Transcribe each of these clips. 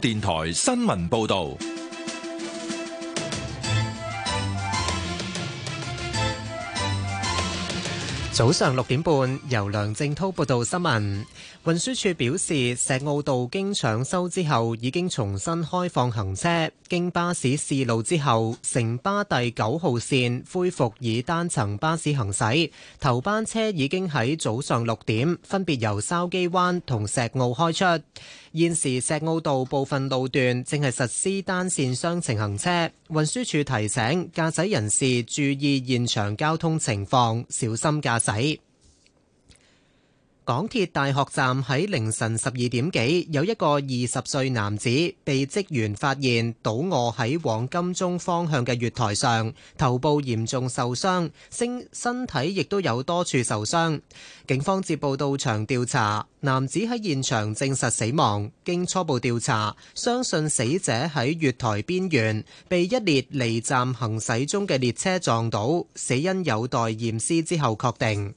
電台新聞報道。早上六點半，由梁正濤報道新聞。運輸署表示，石澳道經搶修之後，已經重新開放行車。經巴士試路之後，城巴第九號線恢復以單層巴士行駛。頭班車已經喺早上六點，分別由筲箕灣同石澳開出。現時石澳道部分路段正係實施單線雙程行車。運輸署提醒駕駛人士注意現場交通情況，小心駕駛。港鐵大學站喺凌晨十二點幾，有一個二十歲男子被職員發現倒卧喺往金鐘方向嘅月台上，頭部嚴重受傷，身身體亦都有多處受傷。警方接報到場調查，男子喺現場證實死亡。經初步調查，相信死者喺月台邊緣被一列離站行駛中嘅列車撞倒，死因有待驗屍之後確定。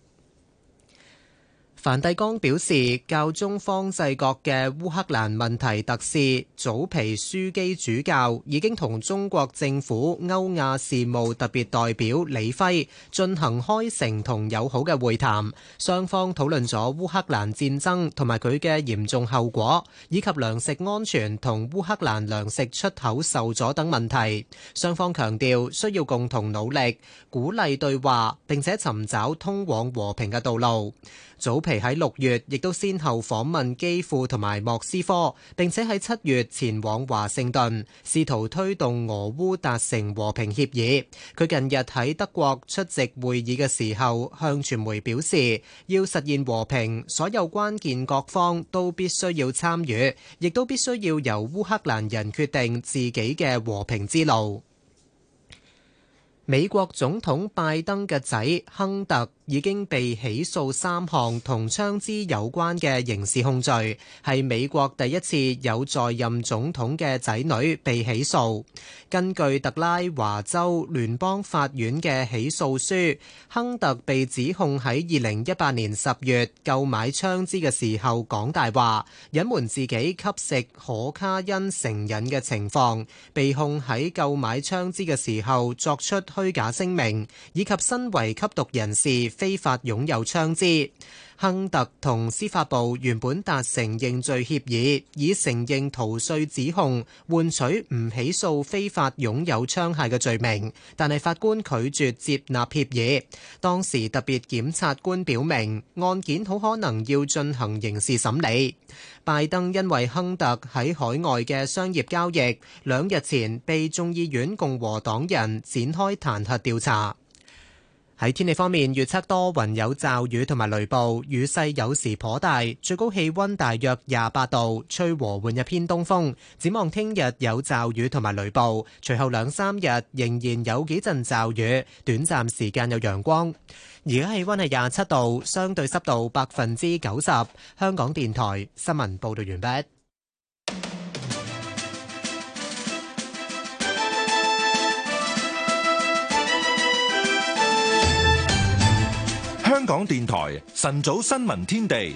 梵蒂岡表示，教宗方濟各嘅烏克蘭問題特使祖皮樞機主教已經同中國政府歐亞事務特別代表李輝進行開誠同友好嘅會談，雙方討論咗烏克蘭戰爭同埋佢嘅嚴重後果，以及糧食安全同烏克蘭糧食出口受阻等問題。雙方強調需要共同努力，鼓勵對話，並且尋找通往和平嘅道路。早期喺六月，亦都先後訪問基輔同埋莫斯科，並且喺七月前往華盛頓，試圖推動俄烏達成和平協議。佢近日喺德國出席會議嘅時候，向傳媒表示，要實現和平，所有關鍵各方都必須要參與，亦都必須要由烏克蘭人決定自己嘅和平之路。美國總統拜登嘅仔亨特，已經被起訴三項同槍支有關嘅刑事控罪，係美國第一次有在任總統嘅仔女被起訴。根據特拉華州聯邦法院嘅起訴書，亨特被指控喺二零一八年十月購買槍支嘅時候講大話，隱瞞自己吸食可卡因成癮嘅情況，被控喺購買槍支嘅時候作出虛假聲明，以及身為吸毒人士。非法擁有槍支，亨特同司法部原本達成認罪協議，以承認逃稅指控換取唔起訴非法擁有槍械嘅罪名，但係法官拒絕接納協議。當時特別檢察官表明，案件好可能要進行刑事審理。拜登因為亨特喺海外嘅商業交易，兩日前被眾議院共和黨人展開彈劾調查。喺天氣方面，預測多雲有驟雨同埋雷暴，雨勢有時頗大，最高氣溫大約廿八度，吹和緩一偏東風。展望聽日有驟雨同埋雷暴，隨後兩三日仍然有幾陣驟雨，短暫時間有陽光。而家氣溫係廿七度，相對濕度百分之九十。香港電台新聞報道完畢。港電台晨早新聞天地，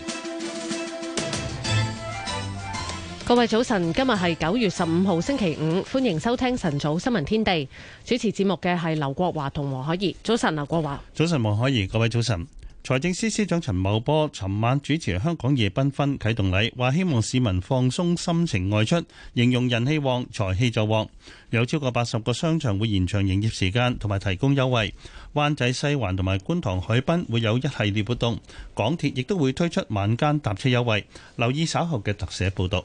各位早晨，今日係九月十五號星期五，歡迎收聽晨早新聞天地。主持節目嘅係劉國華同黃海怡，早晨，劉國華，早晨，黃海怡，各位早晨。財政司司長陳茂波尋晚主持香港夜繽紛啟動禮，話希望市民放鬆心情外出，形容人氣旺，財氣就旺。有超過八十個商場會延長營業時間，同埋提供優惠，灣仔西環同埋觀塘海濱會有一系列活動，港鐵亦都會推出晚間搭車優惠。留意稍後嘅特寫報道。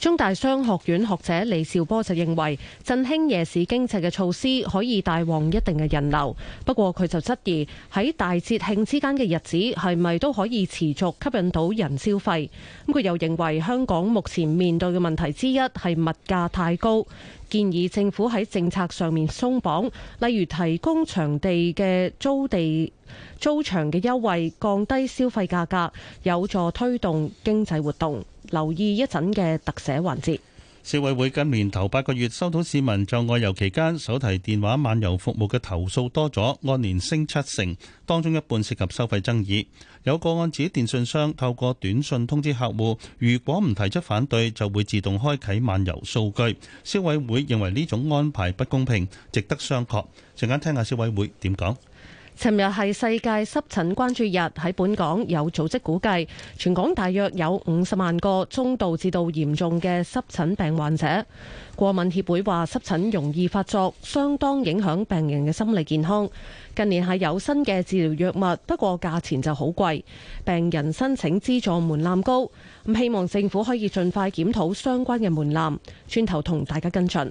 中大商學院學者李兆波就認為，振興夜市經濟嘅措施可以帶旺一定嘅人流，不過佢就質疑喺大節慶之間嘅日子係咪都可以持續吸引到人消費？咁佢又認為香港目前面對嘅問題之一係物價太高。建議政府喺政策上面鬆綁，例如提供場地嘅租地、租場嘅優惠，降低消費價格，有助推動經濟活動。留意一陣嘅特寫環節。消委會今年頭八個月收到市民在外遊期間手提電話漫遊服務嘅投訴多咗，按年升七成，當中一半涉及收費爭議。有個案指電信商透過短信通知客戶，如果唔提出反對，就會自動開啓漫遊數據。消委會認為呢種安排不公平，值得商榷。陣間聽下消委會點講。尋日係世界濕疹關注日，喺本港有組織估計，全港大約有五十萬個中度至到嚴重嘅濕疹病患者。過敏協會話，濕疹容易發作，相當影響病人嘅心理健康。近年係有新嘅治療藥物，不過價錢就好貴，病人申請資助門檻高。咁希望政府可以盡快檢討相關嘅門檻。轉頭同大家跟進。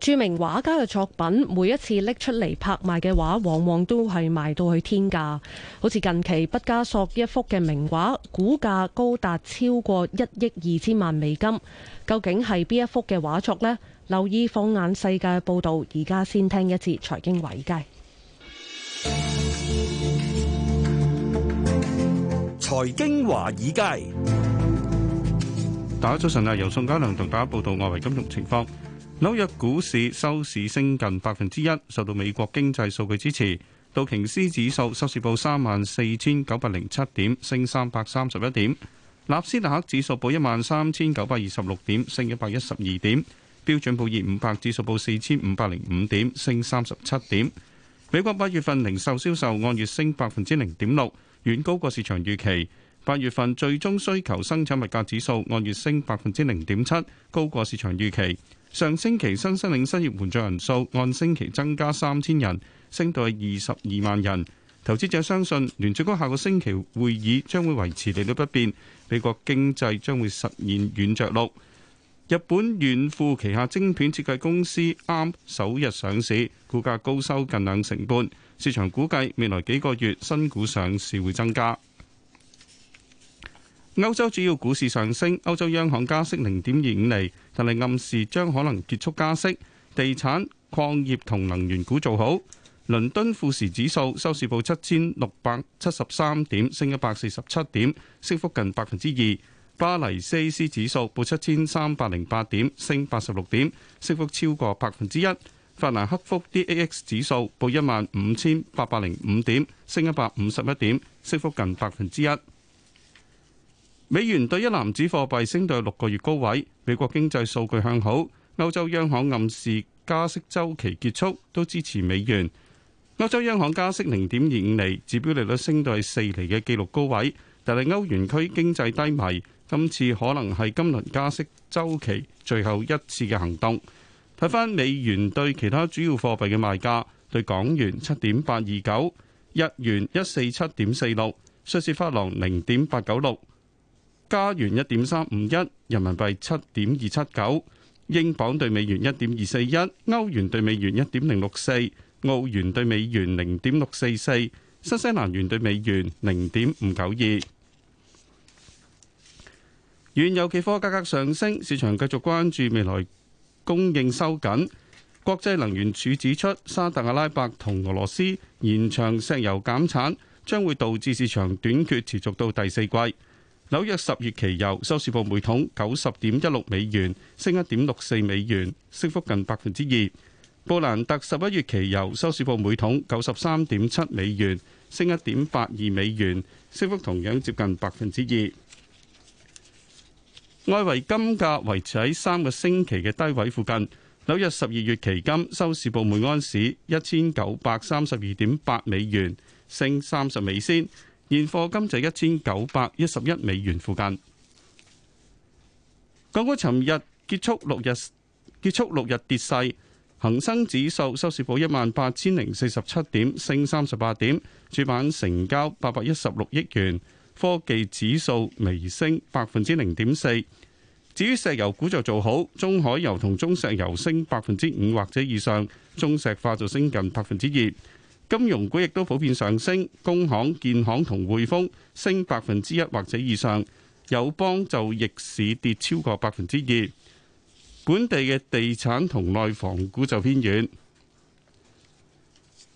著名畫家嘅作品，每一次拎出嚟拍賣嘅畫，往往都係賣到去天價。好似近期畢加索一幅嘅名畫，估價高達超過一億二千萬美金。究竟係邊一幅嘅畫作咧？留意放眼世界嘅報道，而家先聽一次財經華爾街。財經華爾街，大家早晨啊！由宋嘉良同大家報道外圍金融情況。紐約股市收市升近百分之一，受到美國經濟數據支持。道瓊斯指數收市報三萬四千九百零七點，升三百三十一點；納斯達克指數報一萬三千九百二十六點，升一百一十二點；標準普爾五百指數報四千五百零五點，升三十七點。美國八月份零售銷售，銷售按月升百分之零點六，遠高過市場預期。八月份最終需求生產物價指數按月升百分之零點七，高過市場預期。上星期新申領失業援助人數按星期增加三千人，升到係二十二萬人。投資者相信聯儲局下個星期會議將會維持利率不變，美國經濟將會實現軟着陸。日本軟富旗下晶片設計公司 ARM 首日上市，股價高收近兩成半。市場估計未來幾個月新股上市會增加。歐洲主要股市上升，歐洲央行加息零點二五厘，但係暗示將可能結束加息。地產、礦業同能源股做好。倫敦富時指數收市報七千六百七十三點，升一百四十七點，升幅近百分之二。巴黎 CAC 指數報七千三百零八點，升八十六點，升幅超過百分之一。法蘭克福 DAX 指數報一萬五千八百零五點，升一百五十一點，升幅近百分之一。美元對一籃子貨幣升到六個月高位。美國經濟數據向好，歐洲央行暗示加息週期結束，都支持美元。歐洲央行加息零點二五厘，指標利率升到四厘嘅紀錄高位。但係歐元區經濟低迷，今次可能係今輪加息週期最後一次嘅行動。睇翻美元兌其他主要貨幣嘅賣價，對港元七點八二九，日元一四七點四六，瑞士法郎零點八九六。加元一點三五一，人民幣七點二七九，英鎊對美元一點二四一，歐元對美元一點零六四，澳元對美元零點六四四，新西蘭元對美元零點五九二。原油期貨價格上升，市場繼續關注未來供應收緊。國際能源署指出，沙特阿拉伯同俄羅斯延長石油減產，將會導致市場短缺持續到第四季。紐約十月期油收市報每桶九十點一六美元，升一點六四美元，升幅近百分之二。布蘭特十一月期油收市報每桶九十三點七美元，升一點八二美元，升幅同樣接近百分之二。外圍金價維持喺三個星期嘅低位附近。紐約十二月期金收市報每安士一千九百三十二點八美元，升三十美仙。現貨金就係一千九百一十一美元附近。港股尋日結束六日結束六日跌勢，恒生指數收市報一萬八千零四十七點，升三十八點，主板成交八百一十六億元。科技指數微升百分之零點四。至於石油股就做好，中海油同中石油升百分之五或者以上，中石化就升近百分之二。金融股亦都普遍上升，工行、建行同匯豐升百分之一或者以上，友邦就逆市跌超過百分之二。本地嘅地產同內房股就偏遠。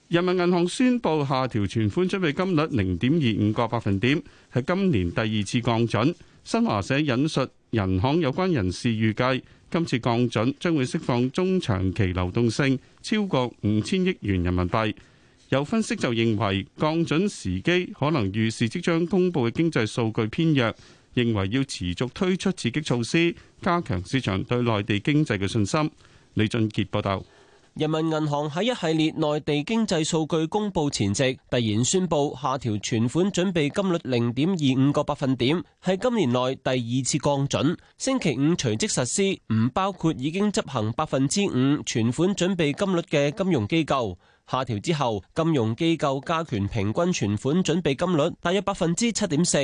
人民銀行宣布下調存款準備金率零點二五個百分點，係今年第二次降準。新華社引述人行有關人士預計，今次降準將會釋放中長期流動性超過五千億元人民幣。有分析就認為降準時機可能預示即將公布嘅經濟數據偏弱，認為要持續推出刺激措施，加強市場對內地經濟嘅信心。李俊杰報道。人民銀行喺一系列內地經濟數據公布前夕，突然宣布下調存款準備金率零點二五個百分點，係今年內第二次降準，星期五隨即實施，唔包括已經執行百分之五存款準備金率嘅金融機構。下調之後，金融機構加權平均存款準備金率大約百分之七點四。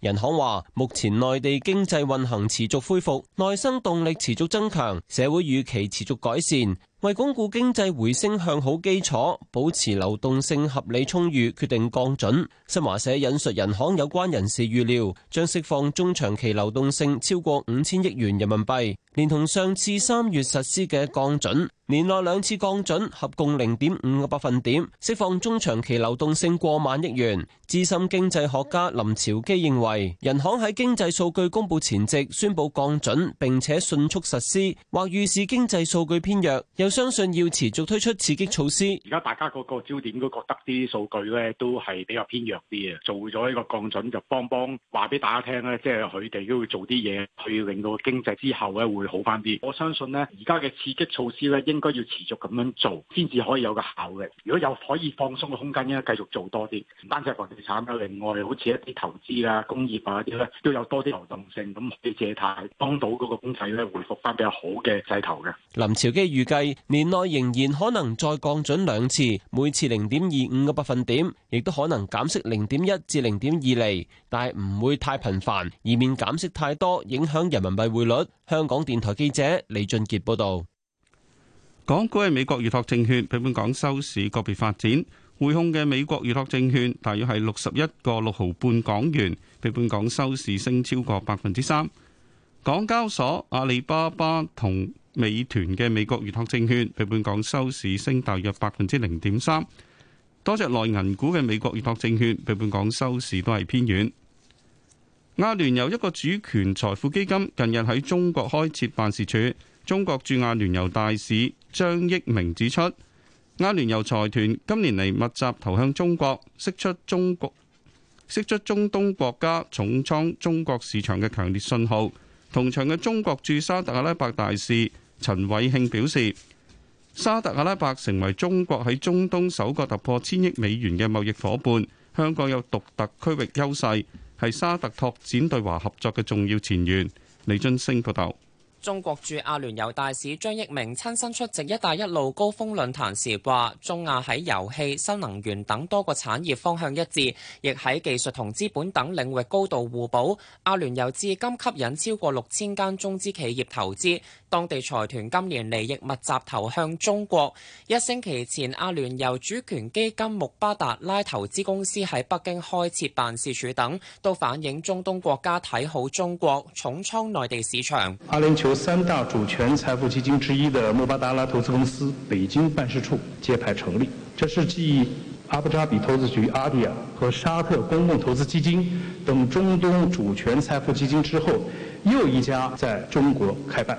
人行話，目前內地經濟運行持續恢復，內生動力持續增強，社會預期持續改善。為鞏固經濟回升向好基礎，保持流動性合理充裕，決定降準。新華社引述人行有關人士預料，將釋放中長期流動性超過五千億元人民幣，連同上次三月實施嘅降準，年內兩次降準合共零點五個百分點，釋放中長期流動性過萬億元。資深經濟學家林朝基認為，人行喺經濟數據公布前夕宣布降準，並且迅速實施，或預示經濟數據偏弱。相信要持續推出刺激措施，而家大家嗰個焦點都覺得啲數據咧都係比較偏弱啲嘅，做咗呢個降準就幫幫話俾大家聽咧，即係佢哋都會做啲嘢去令到經濟之後咧會好翻啲。我相信咧，而家嘅刺激措施咧應該要持續咁樣做，先至可以有個效力。如果有可以放鬆嘅空間，應該繼續做多啲。唔單淨係房地產啦，另外好似一啲投資啊、工業啊嗰啲咧，都有多啲流動性，咁啲借貸幫到嗰個經濟咧回復翻比較好嘅勢頭嘅。林朝基預計，年內仍然可能再降準兩次，每次零點二五個百分點，亦都可能減息零點一至零點二厘，但係唔會太頻繁，以免減息太多影響人民幣匯率。香港電台記者李俊杰報道。港股係美國預託證券，比本港收市個別發展，匯控嘅美國預託證券大約係六十一個六毫半港元，比本港收市升超過百分之三。港交所、阿里巴巴同。美團嘅美國預託證券比本港收市升大約百分之零點三。多隻內銀股嘅美國預託證券比本港收市都係偏軟。阿聯酋一個主權財富基金近日喺中國開設辦事處。中國駐阿聯酋大使張益明指出，阿聯酋財團今年嚟密集投向中國，釋出中國釋出中東國家重倉中國市場嘅強烈信號。同場嘅中國駐沙特阿拉伯大使。陳偉慶表示，沙特阿拉伯成為中國喺中東首個突破千億美元嘅貿易夥伴。香港有獨特區域優勢，係沙特拓展對華合作嘅重要前沿。李津升報道。中國駐阿聯酋大使張益明親身出席一帶一路高峰論壇時話，中亞喺油氣、新能源等多個產業方向一致，亦喺技術同資本等領域高度互補。阿聯酋至今吸引超過六千間中資企業投資。當地財團今年利益密集投向中國。一星期前，阿聯酋主權基金穆巴達拉投資公司喺北京開設辦事處等，都反映中東國家睇好中國，重倉內地市場。阿聯酋三大主權財富基金之一的穆巴達拉投資公司北京辦事處揭牌成立，這是繼阿布扎比投資局阿迪亞和沙特公共投資基金等中東主權財富基金之後，又一家在中國開辦。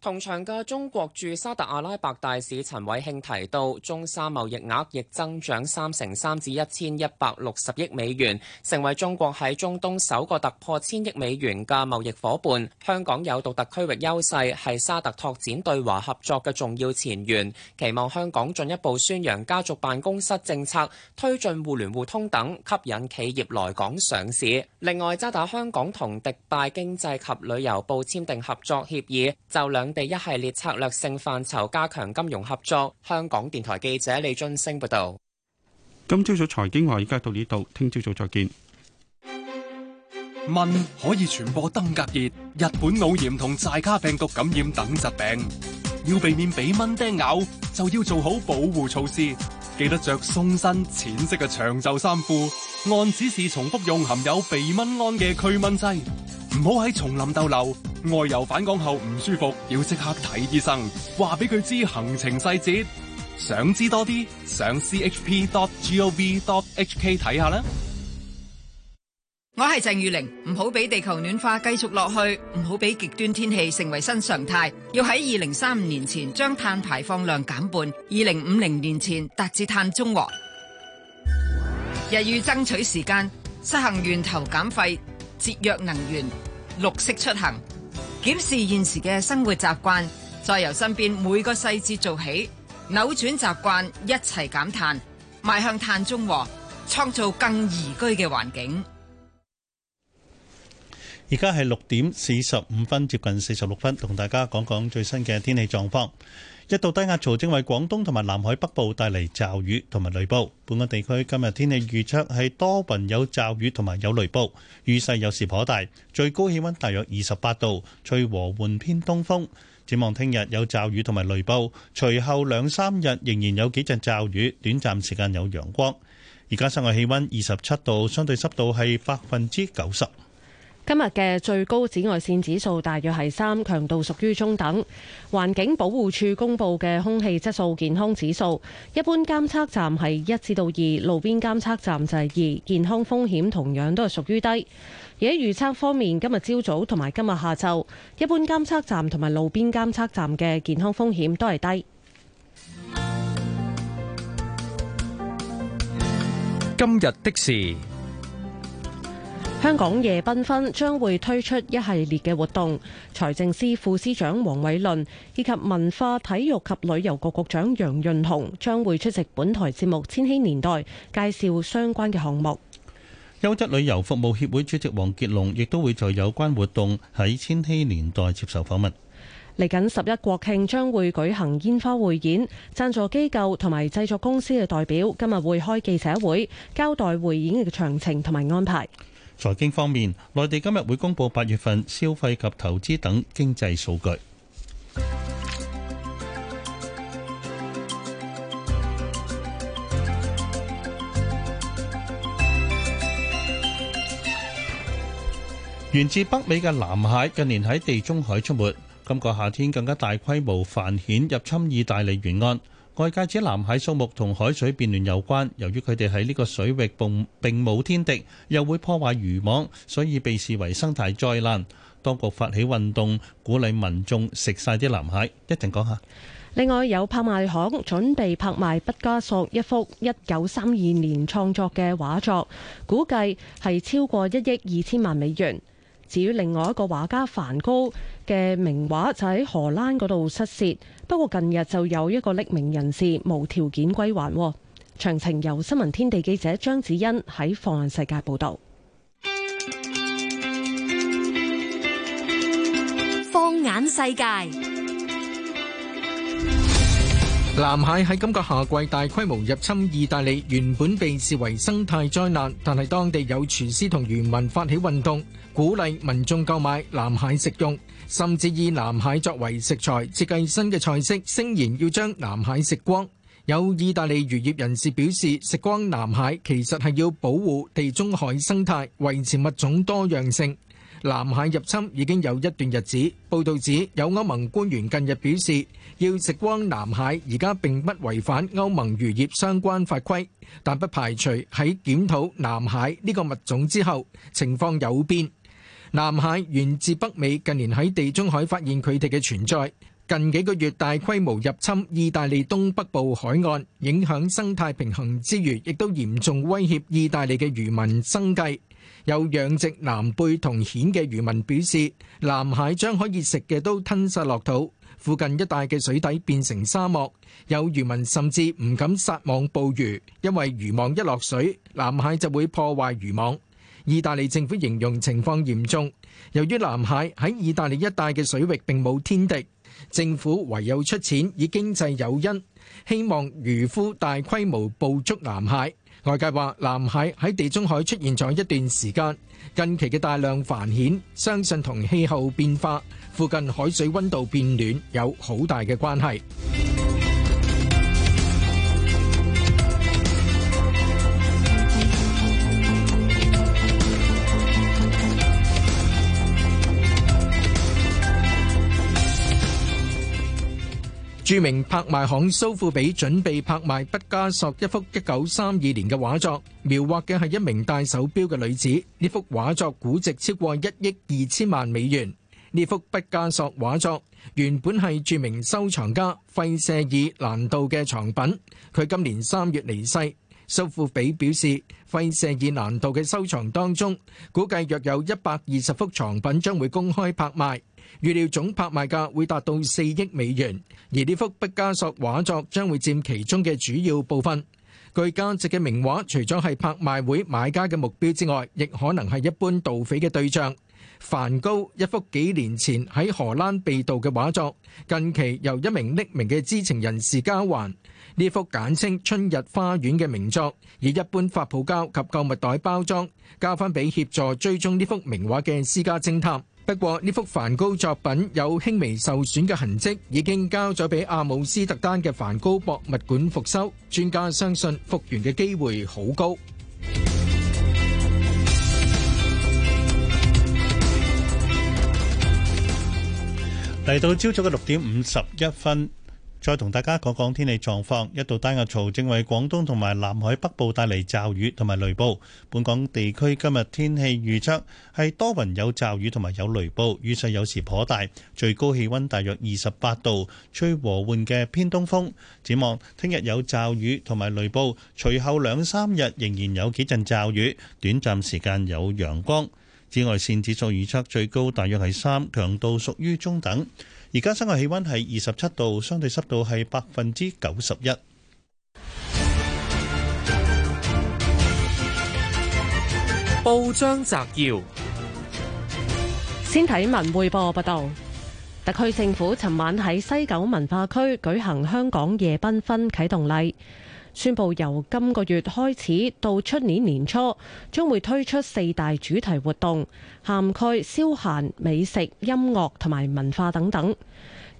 同場嘅中國駐沙特阿拉伯大使陳偉慶提到，中沙貿易額亦增長三成三，至一千一百六十億美元，成為中國喺中東首個突破千億美元嘅貿易夥伴。香港有獨特區域優勢，係沙特拓展對華合作嘅重要前緣。期望香港進一步宣揚家族辦公室政策，推進互聯互通等，吸引企業來港上市。另外，渣打香港同迪拜經濟及旅遊部簽訂合作協議，就兩。準備一系列策略性範疇，加強金融合作。香港電台記者李俊升報道。今朝早財經話而家到呢度，聽朝早再見。蚊可以傳播登革熱、日本腦炎同寨卡病毒感染等疾病。要避免俾蚊叮咬，就要做好保護措施。記得着鬆身淺色嘅長袖衫褲。按指示重複用含有避蚊胺嘅驅蚊劑。唔好喺叢林逗留，外遊返港後唔舒服，要即刻睇醫生。話俾佢知行程細節，想知多啲上 chp.gov.hk 睇下啦。我係鄭裕玲，唔好俾地球暖化繼續落去，唔好俾極端天氣成為新常態。要喺二零三五年前將碳排放量減半，二零五零年前達至碳中和。亦要爭取時間，實行源頭減廢。節約能源、綠色出行，檢視現時嘅生活習慣，再由身邊每個細節做起，扭轉習慣，一齊減碳，邁向碳中和，創造更宜居嘅環境。而家係六點四十五分，接近四十六分，同大家講講最新嘅天氣狀況。一道低壓槽正為廣東同埋南海北部帶嚟驟雨同埋雷暴。本港地區今日天氣預測係多雲有驟雨同埋有雷暴，雨勢有時頗大，最高氣溫大約二十八度，吹和緩偏東風。展望聽日有驟雨同埋雷暴，隨後兩三日仍然有幾陣驟雨，短暫時間有陽光。而家室外氣溫二十七度，相對濕度係百分之九十。今日嘅最高紫外線指數大約係三，強度屬於中等。環境保護署公布嘅空氣質素健康指數，一般監測站係一至到二，路邊監測站就係二，健康風險同樣都係屬於低。而喺預測方面，今日朝早同埋今日下晝，一般監測站同埋路邊監測站嘅健康風險都係低。今日的事。香港夜繽紛將會推出一系列嘅活動，財政司副司長黃偉綸以及文化、體育及旅遊局局長楊潤雄將會出席本台節目《千禧年代》介紹相關嘅項目。優質旅遊服務協會主席黃傑龍亦都會在有關活動喺《千禧年代》接受訪問。嚟緊十一國慶將會舉行煙花匯演，贊助機構同埋製作公司嘅代表今日會開記者會，交代匯演嘅詳情同埋安排。財經方面，內地今日會公布八月份消費及投資等經濟數據。源自北美嘅藍蟹近年喺地中海出沒，今個夏天更加大規模繁衍入侵意大利沿岸。外界指藍蟹數目同海水變暖有關，由於佢哋喺呢個水域並冇天敵，又會破壞漁網，所以被視為生態災難。當局發起運動，鼓勵民眾食晒啲藍蟹。一陣講下。另外，有拍賣行準備拍賣畢加索一幅一九三二年創作嘅畫作，估計係超過一億二千萬美元。至於另外一個畫家梵高嘅名畫就喺荷蘭嗰度失竊，不過近日就有一個匿名人士無條件歸還。詳情由新聞天地記者張子欣喺《放眼世界》報道。放眼世界，藍蟹喺今個夏季大規模入侵意大利，原本被視為生態災難，但係當地有廚師同漁民發起運動。鼓勵民眾購買藍蟹食用，甚至以藍蟹作為食材設計新嘅菜式，聲言要將藍蟹食光。有意大利漁業人士表示，食光藍蟹其實係要保護地中海生態，維持物種多樣性。藍蟹入侵已經有一段日子。報道指，有歐盟官員近日表示，要食光藍蟹，而家並不違反歐盟漁業相關法規，但不排除喺檢討藍蟹呢個物種之後，情況有變。南蟹源自北美，近年喺地中海發現佢哋嘅存在。近幾個月大規模入侵意大利東北部海岸，影響生態平衡之餘，亦都嚴重威脅意大利嘅漁民生計，有養殖南貝同蜆嘅漁民表示，南蟹將可以食嘅都吞曬落肚，附近一帶嘅水底變成沙漠。有漁民甚至唔敢撒網捕魚，因為漁網一落水，南蟹就會破壞漁網。意大利政府形容情況嚴重，由於藍蟹喺意大利一帶嘅水域並冇天敵，政府唯有出錢以經濟誘因，希望漁夫大規模捕捉藍蟹。外界話藍蟹喺地中海出現咗一段時間，近期嘅大量繁衍，相信同氣候變化、附近海水温度變暖有好大嘅關係。著名拍賣行蘇富比準備拍賣畢加索一幅一九三二年嘅畫作，描畫嘅係一名戴手錶嘅女子。呢幅畫作估值超過一億二千萬美元。呢幅畢加索畫作原本係著名收藏家費舍爾蘭道嘅藏品，佢今年三月離世。蘇富比表示，費舍爾蘭道嘅收藏當中，估計約有一百二十幅藏品將會公開拍賣。預料總拍賣價會達到四億美元，而呢幅畢加索畫作將會佔其中嘅主要部分。具價值嘅名畫除咗係拍賣會買家嘅目標之外，亦可能係一般盜匪嘅對象。梵高一幅幾年前喺荷蘭被盜嘅畫作，近期由一名匿名嘅知情人士交還。呢幅簡稱《春日花園》嘅名作，以一般發泡膠及購物袋包裝，交翻俾協助追蹤呢幅名畫嘅私家偵探。不過呢幅梵高作品有輕微受損嘅痕跡，已經交咗畀阿姆斯特丹嘅梵高博物館復修，專家相信復原嘅機會好高。嚟到朝早嘅六點五十一分。再同大家講講天氣狀況，一道低壓槽正為廣東同埋南海北部帶嚟驟雨同埋雷暴。本港地區今日天氣預測係多雲有驟雨同埋有雷暴，雨勢有時頗大，最高氣溫大約二十八度，吹和緩嘅偏東風。展望聽日有驟雨同埋雷暴，隨後兩三日仍然有幾陣驟雨，短暫時間有陽光。紫外線指數預測最高大約係三，強度屬於中等。而家室外氣溫係二十七度，相對濕度係百分之九十一。報章摘要，先睇文匯報報道，特區政府尋晚喺西九文化區舉行香港夜繽紛啟動禮。宣布由今個月開始到出年年初，將會推出四大主題活動，涵蓋消閒、美食、音樂同埋文化等等。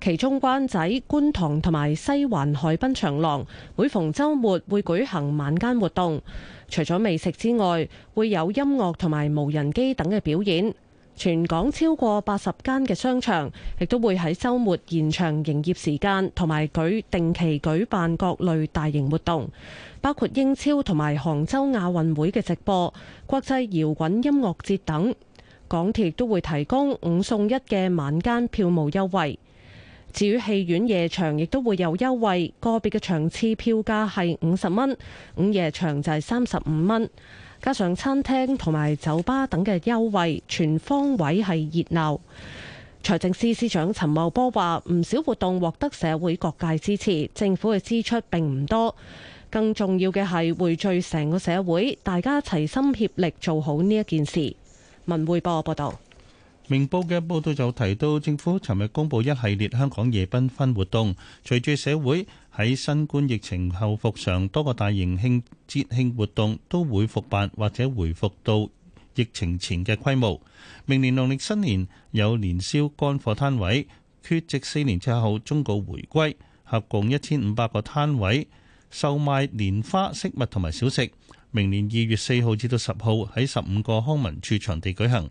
其中，灣仔、觀塘同埋西環海濱長廊，每逢周末會舉行晚間活動。除咗美食之外，會有音樂同埋無人機等嘅表演。全港超過八十間嘅商場，亦都會喺週末延長營業時間，同埋舉定期舉辦各類大型活動，包括英超同埋杭州亞運會嘅直播、國際搖滾音樂節等。港鐵都會提供五送一嘅晚間票務優惠。至於戲院夜場，亦都會有優惠，個別嘅場次票價係五十蚊，午夜場就係三十五蚊。加上餐廳同埋酒吧等嘅優惠，全方位係熱鬧。財政司司長陳茂波話：唔少活動獲得社會各界支持，政府嘅支出並唔多。更重要嘅係匯聚成個社會，大家齊心協力做好呢一件事。文匯報報道。明報嘅報道就提到，政府尋日公布一系列香港夜繽紛活動，凝聚社會。喺新冠疫情後復常，多個大型慶節慶活動都會復辦或者回復到疫情前嘅規模。明年農曆新年有年宵乾貨攤位，缺席四年之後終告回歸，合共一千五百個攤位，售賣年花飾物同埋小食。明年二月四號至到十號喺十五個康文署場地舉行。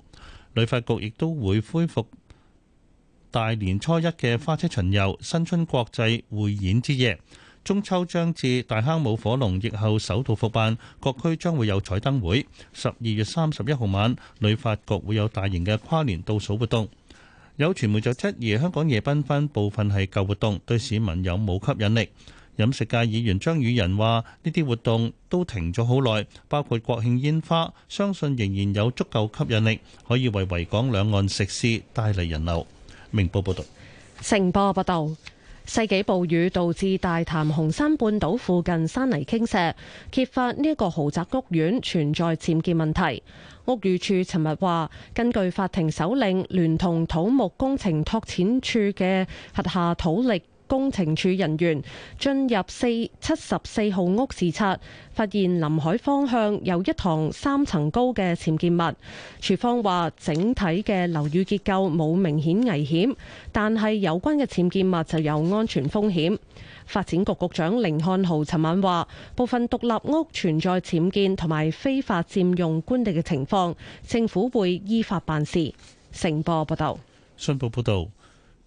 旅發局亦都會恢復。大年初一嘅花車巡遊、新春國際匯演之夜、中秋將至，大坑舞火龍疫後首度復辦，各區將會有彩燈會。十二月三十一號晚，旅發局會有大型嘅跨年倒數活動。有傳媒就質疑香港夜繽紛部分係舊活動，對市民有冇吸引力？飲食界議員張宇人話：呢啲活動都停咗好耐，包括國慶煙花，相信仍然有足夠吸引力，可以為維港兩岸食肆帶嚟人流。明報報道，城報報道，世紀暴雨導致大潭紅山半島附近山泥傾瀉，揭發呢個豪宅屋苑存在僭建問題。屋宇署尋日話，根據法庭手令，聯同土木工程拓展署嘅轄下土力，工程署人員進入四七十四號屋視察，發現臨海方向有一幢三層高嘅僭建物。處方話，整體嘅樓宇結構冇明顯危險，但係有關嘅僭建物就有安全風險。發展局局長甯漢豪尋晚話，部分獨立屋存在僭建同埋非法佔用官地嘅情況，政府會依法辦事。成報報導，信報報道。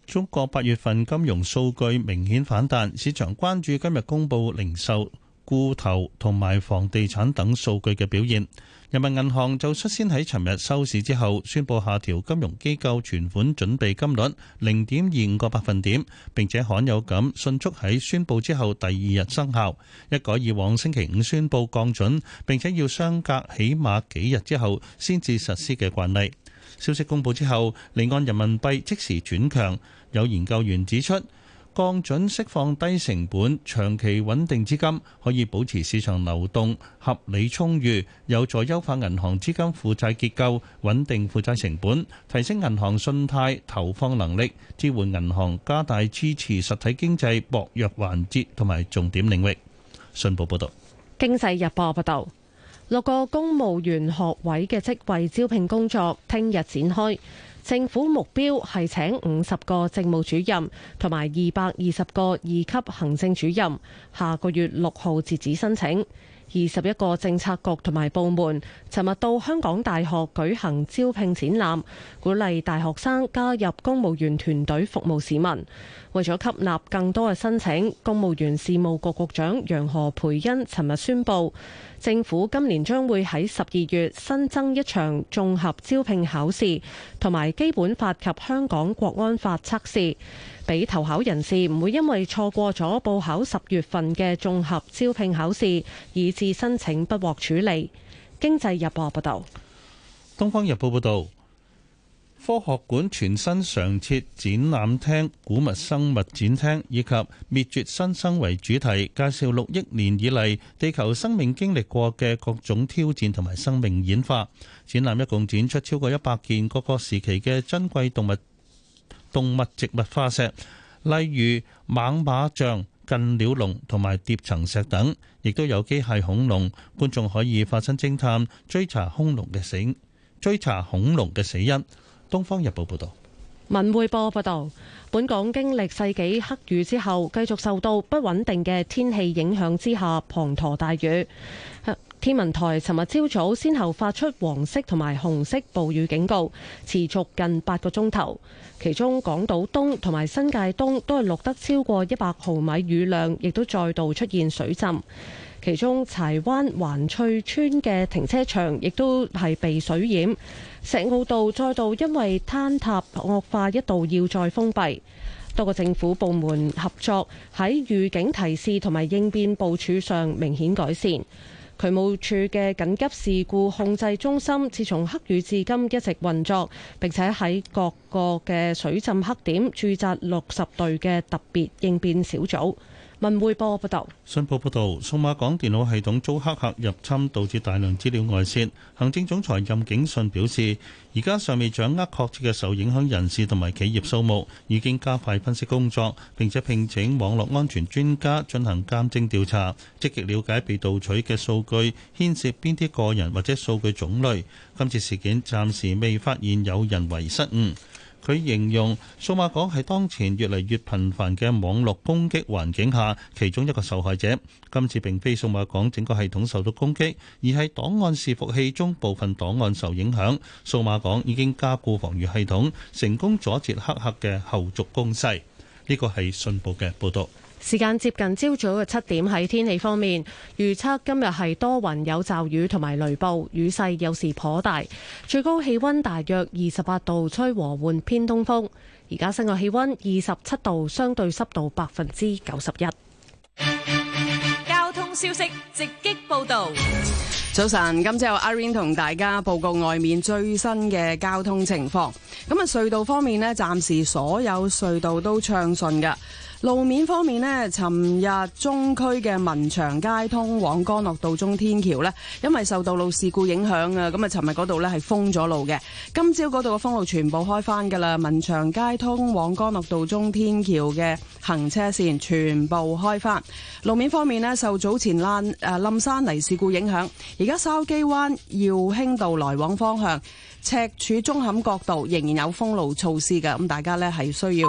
中國八月份金融數據明顯反彈，市場關注今日公布零售、固投同埋房地產等數據嘅表現。人民銀行就率先喺尋日收市之後宣布下調金融機構存款準備金率零點二五個百分點，並且罕有咁迅速喺宣布之後第二日生效，一改以往星期五宣布降準，並且要相隔起碼幾日之後先至實施嘅慣例。消息公布之後離岸人民幣即時轉強，有研究員指出，降準釋放低成本長期穩定資金，可以保持市場流動合理充裕，有助優化銀行資金負債結構，穩定負債成本，提升銀行信貸投放能力，支援銀行加大支持實體經濟薄弱環節同埋重點領域。信報報道，經濟日報報道。六個公務員學位嘅職位招聘工作聽日展開，政府目標係請五十個政務主任同埋二百二十個二級行政主任，下個月六號截止申請。二十一個政策局同埋部門，尋日到香港大學舉行招聘展覽，鼓勵大學生加入公務員團隊服務市民。為咗吸納更多嘅申請，公務員事務局局長楊何蓓茵尋日宣布，政府今年將會喺十二月新增一場綜合招聘考試，同埋基本法及香港國安法測試。俾投考人士唔會因為錯過咗報考十月份嘅綜合招聘考試，以致申請不獲處理。經濟日報報道，東方日報報道，科學館全新常設展覽廳古物生物展廳以及滅絕新生為主題，介紹六億年以嚟地球生命經歷過嘅各種挑戰同埋生命演化。展覽一共展出超過一百件各個時期嘅珍貴動物，動物、植物化石，例如猛獁象、近鳥龍同埋疊層石等，亦都有機械恐龍。觀眾可以化身偵探，追查恐龍嘅死，追查恐龍嘅死因。東方日報報道，文匯報報道，本港經歷世紀黑雨之後，繼續受到不穩定嘅天氣影響之下，滂沱大雨。天文台尋日朝早先後發出黃色同埋紅色暴雨警告，持續近八個鐘頭。其中港島東同埋新界東都係錄得超過一百毫米雨量，亦都再度出現水浸。其中柴灣環翠村嘅停車場亦都係被水淹。石澳道再度因為坍塌惡化，一度要再封閉。多個政府部門合作喺預警提示同埋應變部署上明顯改善。渠務處嘅緊急事故控制中心，自從黑雨至今一直運作，並且喺各個嘅水浸黑點駐紮六十隊嘅特別應變小組。文匯報報道，信報報道，數碼港電腦系統遭黑客入侵，導致大量資料外洩。行政總裁任景信表示，而家尚未掌握確切嘅受影響人士同埋企業數目，已經加快分析工作，並且聘請網絡安全專家進行鑑證調查，積極了解被盜取嘅數據牽涉邊啲個人或者數據種類。今次事件暫時未發現有人為失誤。佢形容數碼港係當前越嚟越頻繁嘅網絡攻擊環境下其中一個受害者。今次並非數碼港整個系統受到攻擊，而係檔案伺服器中部分檔案受影響，數碼港已經加固防禦系統，成功阻截黑客嘅後續攻勢，呢個係信報嘅報道。時間接近朝早嘅七點，喺天氣方面，預測今日係多雲有驟雨同埋雷暴，雨勢有時頗大。最高氣溫大約二十八度，吹和緩偏東風。而家室外氣溫二十七度，相對濕度百分之九十一。交通消息直擊報道。早晨，今朝有阿 Rain 同大家報告外面最新嘅交通情況。咁啊，隧道方面呢，暫時所有隧道都暢順㗎。路面方面呢，尋日中區嘅民祥街通往干諾道中天橋呢，因為受道路事故影響啊，咁啊，尋日嗰度呢係封咗路嘅。今朝嗰度嘅封路全部開翻噶啦，民祥街通往干諾道中天橋嘅行車線全部開翻。路面方面呢，受早前爛誒冧山泥事故影響，而家筲箕灣耀興道來往方向、赤柱舂坎角道仍然有封路措施嘅，咁大家呢係需要。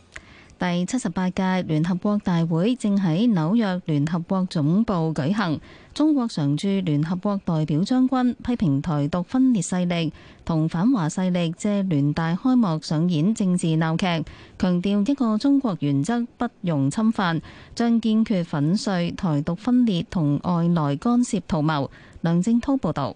第七十八屆聯合國大會正喺紐約聯合國總部舉行，中國常駐聯合國代表張軍批評台獨分裂勢力同反華勢力借聯大開幕上演政治鬧劇，強調一個中國原則不容侵犯，將堅決粉碎台獨分裂同外來干涉圖謀，梁正濤報道。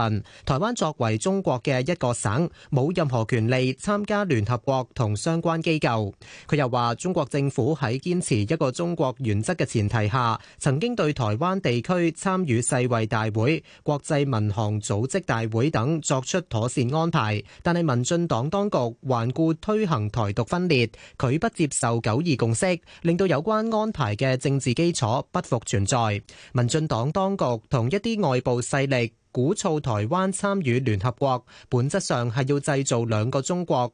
台灣作為中國嘅一個省，冇任何權利參加聯合國同相關機構。佢又話，中國政府喺堅持一個中國原則嘅前提下，曾經對台灣地區參與世衛大會、國際民航組織大會等作出妥善安排。但係民進黨當局頑固推行台獨分裂，拒不接受九二共識，令到有關安排嘅政治基礎不復存在。民進黨當局同一啲外部勢力。鼓噪台灣參與聯合國，本質上係要製造兩個中國。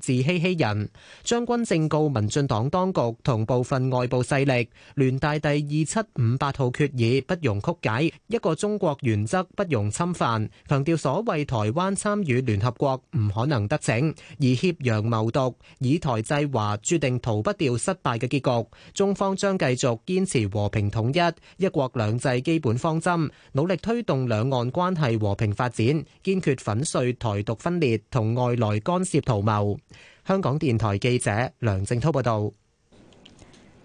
自欺欺人，將軍正告民進黨當局同部分外部勢力，聯大第二七五八號決議不容曲解，一個中國原則不容侵犯，強調所謂台灣參與聯合國唔可能得逞，而挾洋謀獨、以台制華注定逃不掉失敗嘅結局。中方將繼續堅持和平統一、一國兩制基本方針，努力推動兩岸關係和平發展，堅決粉碎台獨分裂同外來干涉圖謀。香港電台記者梁靜濤報道，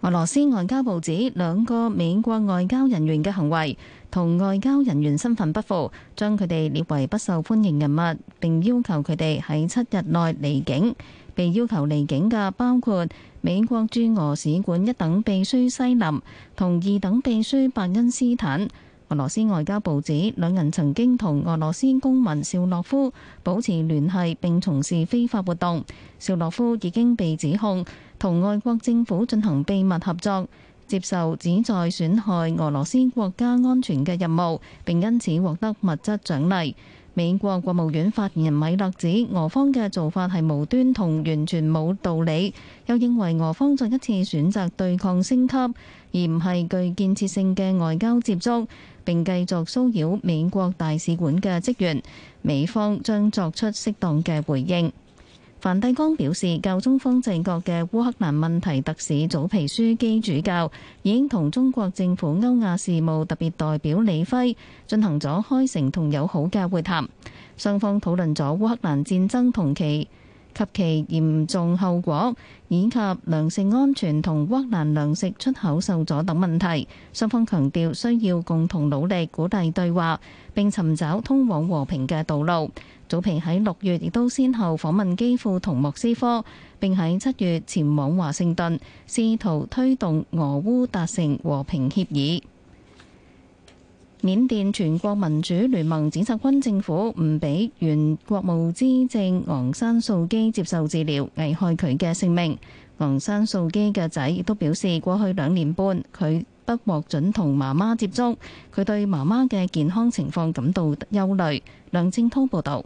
俄羅斯外交部指，兩個美國外交人員嘅行為同外交人員身份不符，將佢哋列為不受歡迎人物，並要求佢哋喺七日內離境。被要求離境嘅包括美國駐俄使館一等秘書西林同二等秘書伯恩斯坦。俄羅斯外交部指，兩人曾經同俄羅斯公民少洛夫保持聯繫，並從事非法活動。少洛夫已經被指控同外國政府進行秘密合作，接受旨在損害俄羅斯國家安全嘅任務，並因此獲得物質獎勵。美國國務院發言人米勒指，俄方嘅做法係無端同完全冇道理，又認為俄方再一次選擇對抗升級，而唔係具建設性嘅外交接觸，並繼續騷擾美國大使館嘅職員，美方將作出適當嘅回應。梵蒂岡表示，教宗方濟各嘅烏克蘭問題特使祖皮樞機主教已經同中國政府歐亞事務特別代表李輝進行咗開誠同友好嘅會談，雙方討論咗烏克蘭戰爭同期及其嚴重後果，以及糧食安全同烏克蘭糧食出口受阻等問題，雙方強調需要共同努力，鼓勵對話，並尋找通往和平嘅道路。早前喺六月亦都先後訪問基輔同莫斯科，並喺七月前往華盛頓，試圖推動俄烏達成和平協議。緬甸全國民主聯盟指責軍政府唔俾原國務資政昂山素基接受治療，危害佢嘅性命。昂山素基嘅仔亦都表示，過去兩年半佢不獲准同媽媽接觸，佢對媽媽嘅健康情況感到憂慮。梁清濤報道。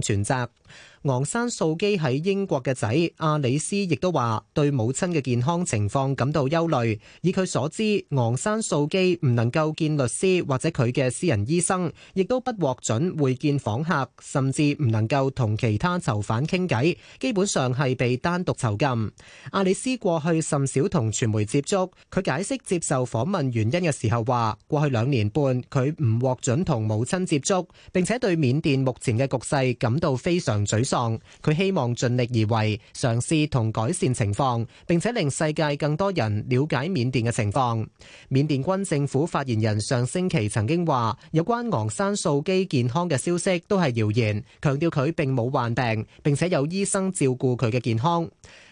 全責。昂山素基喺英國嘅仔阿里斯亦都話對母親嘅健康情況感到憂慮。以佢所知，昂山素基唔能夠見律師或者佢嘅私人醫生，亦都不獲准會見訪客，甚至唔能夠同其他囚犯傾偈，基本上係被單獨囚禁。阿里斯過去甚少同傳媒接觸。佢解釋接受訪問原因嘅時候話，過去兩年半佢唔獲准同母親接觸，並且對緬甸目前嘅局勢感到非常沮喪，佢希望盡力而為，嘗試同改善情況，並且令世界更多人了解緬甸嘅情況。緬甸軍政府發言人上星期曾經話，有關昂山素姬健康嘅消息都係謠言，強調佢並冇患病，並且有醫生照顧佢嘅健康。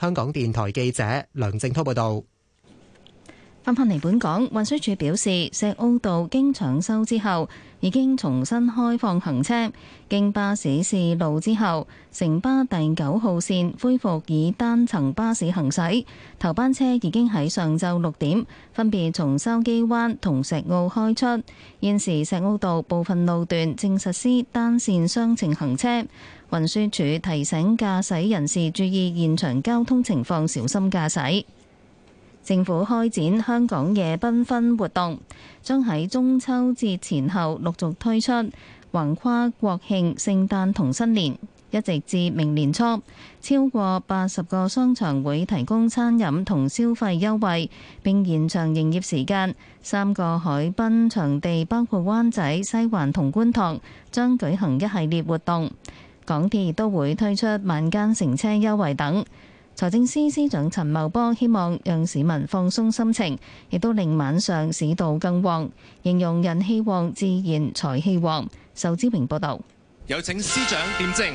香港電台記者梁正濤報道。翻返嚟本港，運輸署表示石澳道經搶修之後已經重新開放行車，經巴士試路之後，城巴第九號線恢復以單層巴士行駛，頭班車已經喺上晝六點分別從筲箕灣同石澳開出。現時石澳道部分路段正實施單線雙程行車，運輸署提醒駕駛人士注意現場交通情況，小心駕駛。政府開展香港夜繽紛活動，將喺中秋節前後陸續推出，橫跨國慶、聖誕同新年，一直至明年初。超過八十個商場會提供餐飲同消費優惠，並延長營業時間。三個海濱場地包括灣仔、西環同觀塘，將舉行一系列活動。港鐵亦都會推出晚間乘車優惠等。財政司司長陳茂波希望讓市民放鬆心情，亦都令晚上市道更旺，形容人氣旺，自然財氣旺。受之平報道，有請司長點正。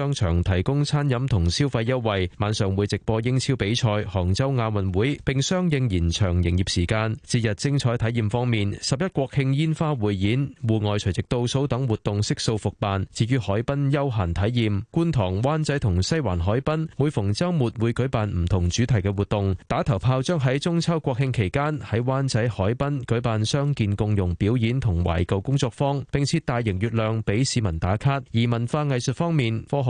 商場提供餐飲同消費優惠，晚上會直播英超比賽、杭州亞運會，並相應延長營業時間。節日精彩體驗方面，十一國慶煙花匯演、戶外除夕倒數等活動悉數複辦。至於海濱休閒體驗，觀塘、灣仔同西環海濱每逢週末會舉辦唔同主題嘅活動。打頭炮將喺中秋國慶期間喺灣仔海濱舉辦傷健共融表演同懷舊工作坊，並設大型月亮俾市民打卡。而文化藝術方面，科學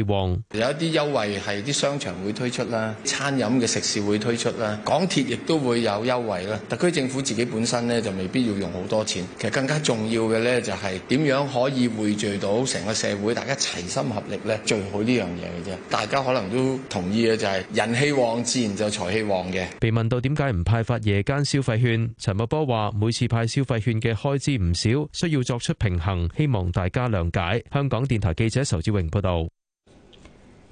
有一啲優惠係啲商場會推出啦，餐飲嘅食肆會推出啦，港鐵亦都會有優惠啦。特區政府自己本身呢，就未必要用好多錢。其實更加重要嘅呢，就係點樣可以匯聚到成個社會，大家齊心合力呢，做好呢樣嘢嘅啫。大家可能都同意嘅就係人氣旺，自然就財氣旺嘅。被問到點解唔派發夜間消費券，陳茂波話：每次派消費券嘅開支唔少，需要作出平衡，希望大家諒解。香港電台記者仇志榮報道。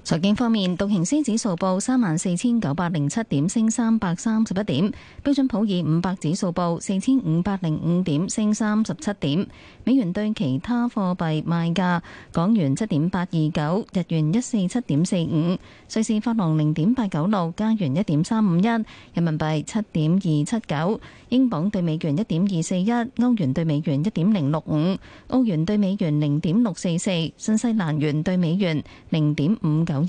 財經方面，道瓊斯指數報三萬四千九百零七點，升三百三十一點；標準普爾五百指數報四千五百零五點，升三十七點。美元對其他貨幣賣價，港元七點八二九，日元一四七點四五，瑞士法郎零點八九六，加元一點三五一，人民幣七點二七九。英鎊對美元一點二四一，歐元對美元一點零六五，澳元對美元零點六四四，新西蘭元對美元零點五九一。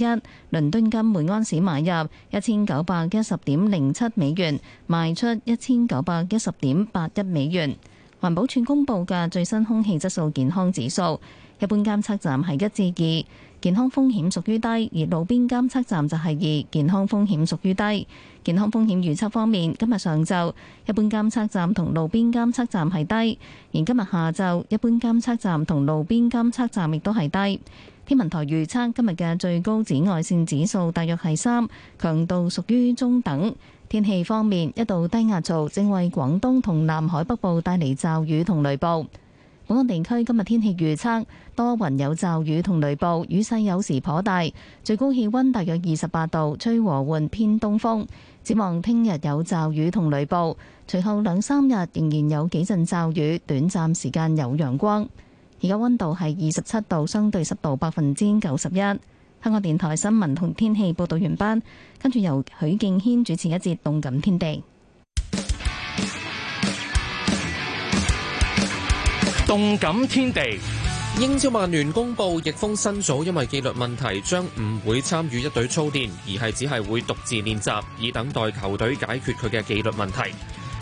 倫敦金每安士買入一千九百一十點零七美元，賣出一千九百一十點八一美元。環保署公布嘅最新空氣質素健康指數，一般監測站係一至二，健康風險屬於低，而路邊監測站就係二。健康風險屬於低。健康風險預測方面，今日上晝一般監測站同路邊監測站係低，而今日下晝一般監測站同路邊監測站亦都係低。天文台預測今日嘅最高紫外線指數大約係三，強度屬於中等。天氣方面，一道低壓槽正為廣東同南海北部帶嚟驟雨同雷暴。本港地區今日天，天氣預測，多雲有驟雨同雷暴，雨勢有時頗大，最高氣溫大約二十八度，吹和緩偏東風。展望聽日有驟雨同雷暴，隨後兩三日仍然有幾陣驟雨，短暫時間有陽光。而家溫度係二十七度，相對濕度百分之九十一。香港電台新聞同天氣報道完班，跟住由許敬軒主持一節《動感天地》。動感天地，英超曼聯公佈，翼鋒辛祖因為紀律問題，將唔會參與一隊操練，而係只係會獨自練習，以等待球隊解決佢嘅紀律問題。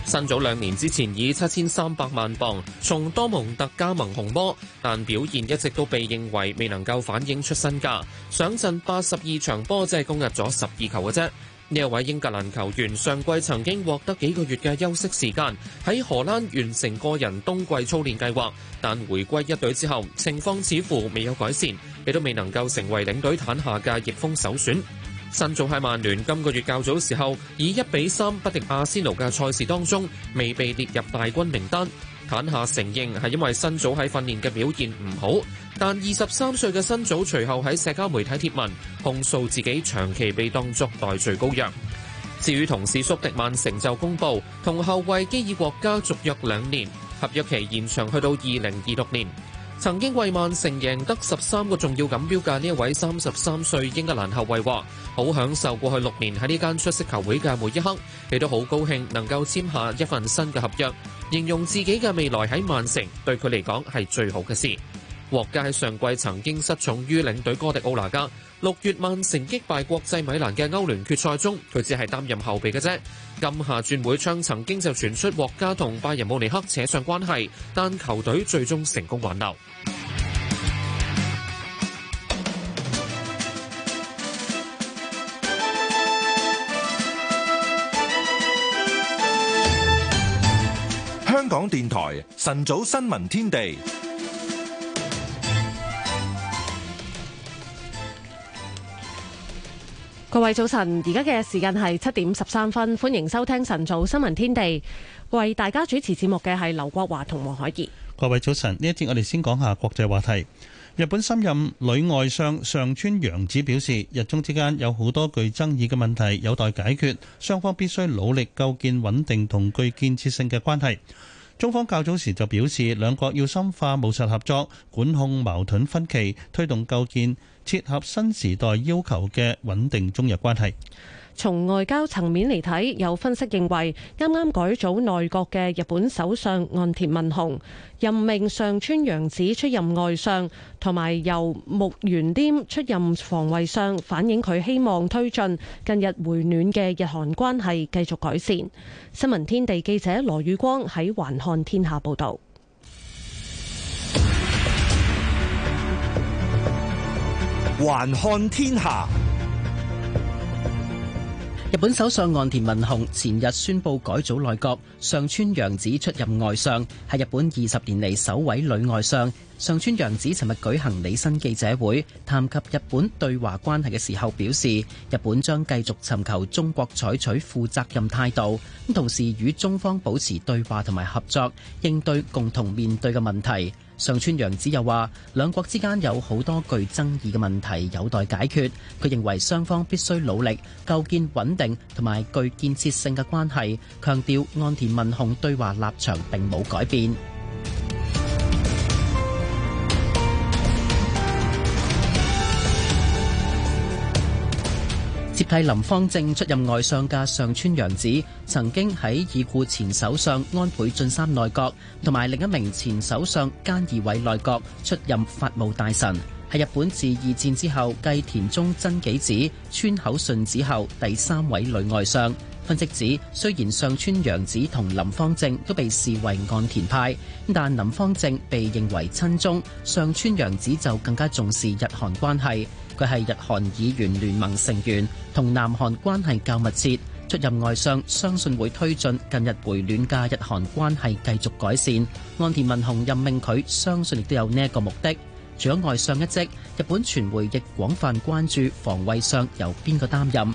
辛祖兩年之前以七千三百萬鎊從多蒙特加盟紅魔，但表現一直都被認為未能夠反映出身價，上陣八十二場波，只係攻入咗十二球嘅啫。呢一位英格蘭球員上季曾經獲得幾個月嘅休息時間，喺荷蘭完成個人冬季操練計劃，但回歸一隊之後，情況似乎未有改善，亦都未能夠成為領隊坦下嘅逆風首選。甚至喺曼聯今個月較早時候以一比三不敵阿仙奴嘅賽事當中，未被列入大軍名單。坦下承認係因為新組喺訓練嘅表現唔好，但二十三歲嘅新組隨後喺社交媒體貼文控訴自己長期被當作代罪羔羊。至於同事宿迪曼成就公佈，同後衞基爾國家續約兩年，合約期延長去到二零二六年。曾經為曼城贏得十三個重要錦標嘅呢一位三十三歲英格蘭後衞話：好享受過去六年喺呢間出色球會嘅每一刻，亦都好高興能夠簽下一份新嘅合約，形容自己嘅未來喺曼城對佢嚟講係最好嘅事。獲加喺上季曾經失寵於領隊哥迪奧拿加。六月曼城擊敗國際米蘭嘅歐聯決賽中，佢只係擔任後備嘅啫。今夏轉會窗曾經就傳出獲加同拜仁慕尼克扯上關係，但球隊最終成功挽留。香港電台晨早新聞天地。各位早晨，而家嘅時間係七點十三分，歡迎收聽晨早新聞天地。為大家主持節目嘅係劉國華同黃海杰。各位早晨，呢一節我哋先講下國際話題。日本新任女外相上川陽子表示，日中之間有好多具爭議嘅問題有待解決，雙方必須努力構建穩定同具建設性嘅關係。中方較早時就表示，兩國要深化務實合作，管控矛盾分歧，推動構建。切合新時代要求嘅穩定中日關係。從外交層面嚟睇，有分析認為，啱啱改組內閣嘅日本首相岸田文雄任命上川陽子出任外相，同埋由木原啲出任防衛相，反映佢希望推進近日回暖嘅日韓關係繼續改善。新聞天地記者羅宇光喺環漢天下報道。環看天下，日本首相岸田文雄前日宣布改組內閣，上川陽子出任外相，係日本二十年嚟首位女外相。上川陽子尋日舉行理新記者會，談及日本對華關係嘅時候，表示日本將繼續尋求中國採取負責任態度，同時與中方保持對話同埋合作，應對共同面對嘅問題。上川陽子又話，兩國之間有好多具爭議嘅問題有待解決，佢認為雙方必須努力構建穩定同埋具建設性嘅關係，強調岸田文雄對華立場並冇改變。接替林芳正出任外相嘅上川陽子，曾經喺已故前首相安倍晉三內閣同埋另一名前首相菅義偉內閣出任法務大臣，係日本自二戰之後繼田中真紀子、川口順子後第三位女外相。分析指，雖然上川陽子同林芳正都被視為岸田派，但林芳正被認為親中，上川陽子就更加重視日韓關係。佢係日韓議員聯盟成員，同南韓關係較密切。出任外相，相信會推進近日回暖嘅日韓關係繼續改善。岸田文雄任命佢，相信亦都有呢一個目的。除咗外相一職，日本傳媒亦廣泛關注防衛相由邊個擔任。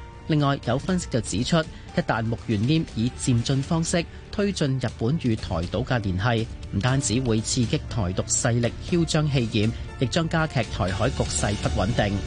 另外，有分析就指出，一旦木原稔以漸進方式推進日本與台島嘅聯繫，唔單止會刺激台獨勢力囂張氣焰，亦將加劇台海局勢不穩定。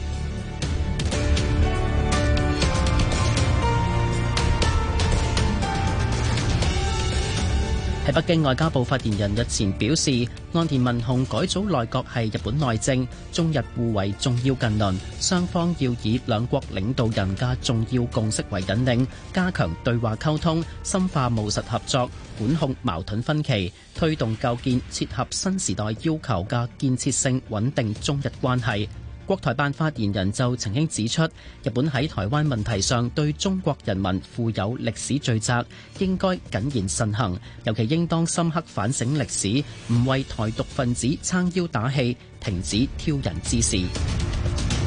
喺北京外交部發言人日前表示，岸田文雄改組內閣係日本內政，中日互為重要近鄰，雙方要以兩國領導人嘅重要共識為引領，加強對話溝通，深化務實合作，管控矛盾分歧，推動構建切合新時代要求嘅建設性穩定中日關係。國台辦發言人就曾經指出，日本喺台灣問題上對中國人民負有歷史罪責，應該謹言慎行，尤其應當深刻反省歷史，唔為台獨分子撐腰打氣，停止挑釁之事。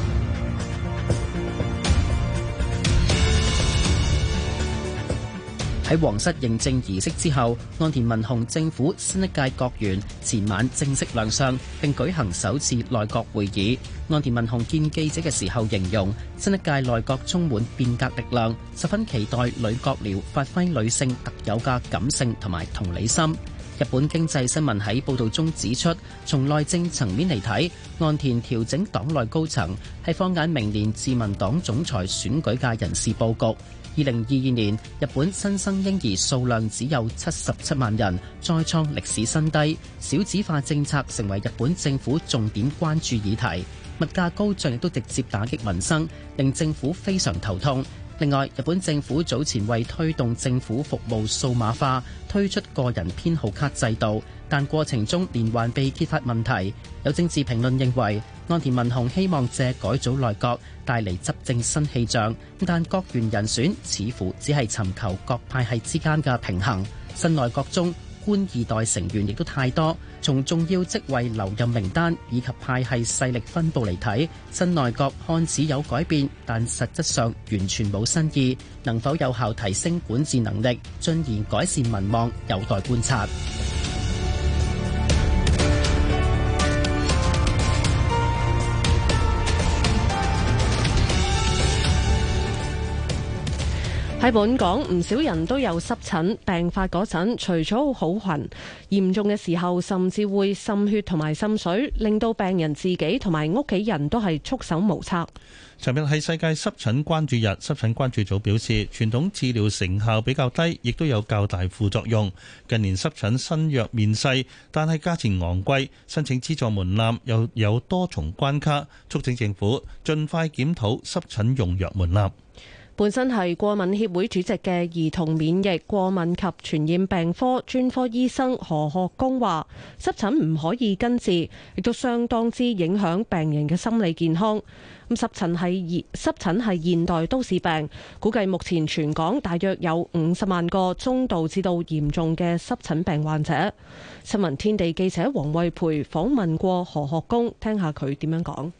喺皇室認證儀式之後，岸田文雄政府新一屆閣員前晚正式亮相並舉行首次內閣會議。岸田文雄見記者的時候形容新一屆內閣充滿變革力量，十分期待女閣僚發揮女性特有的感性同埋同理心。日本經濟新聞喺報道中指出，從內政層面嚟睇，岸田調整黨內高層係放眼明年自民黨總裁選舉嘅人事佈局。二零二二年，日本新生嬰兒數量只有七十七萬人，再創歷史新低。少子化政策成為日本政府重點關注議題。物價高漲亦都直接打擊民生，令政府非常頭痛。另外，日本政府早前為推動政府服務數碼化，推出個人編號卡制度，但過程中連環被揭發問題，有政治評論認為岸田文雄希望借改組內閣帶嚟執政新氣象，但閣員人選似乎只係尋求各派系之間嘅平衡。新內閣中，官二代成員亦都太多，從重要職位留任名單以及派系勢力分布嚟睇，新內閣看似有改變，但實質上完全冇新意，能否有效提升管治能力，進而改善民望，有待觀察。喺本港，唔少人都有濕疹病發嗰陣，除咗好痕，嚴重嘅時候甚至會滲血同埋滲水，令到病人自己同埋屋企人都係束手無策。昨日係世界濕疹關注日，濕疹關注組表示，傳統治療成效比較低，亦都有較大副作用。近年濕疹新藥面世，但係價錢昂貴，申請資助門檻又有多重關卡，促請政府盡快檢討濕疹用藥門檻。本身係過敏協會主席嘅兒童免疫過敏及傳染病科專科醫生何學工話：濕疹唔可以根治，亦都相當之影響病人嘅心理健康。咁濕疹係濕疹係現代都市病，估計目前全港大約有五十萬個中度至到嚴重嘅濕疹病患者。新聞天地記者黃慧培訪問過何學工，聽下佢點樣講。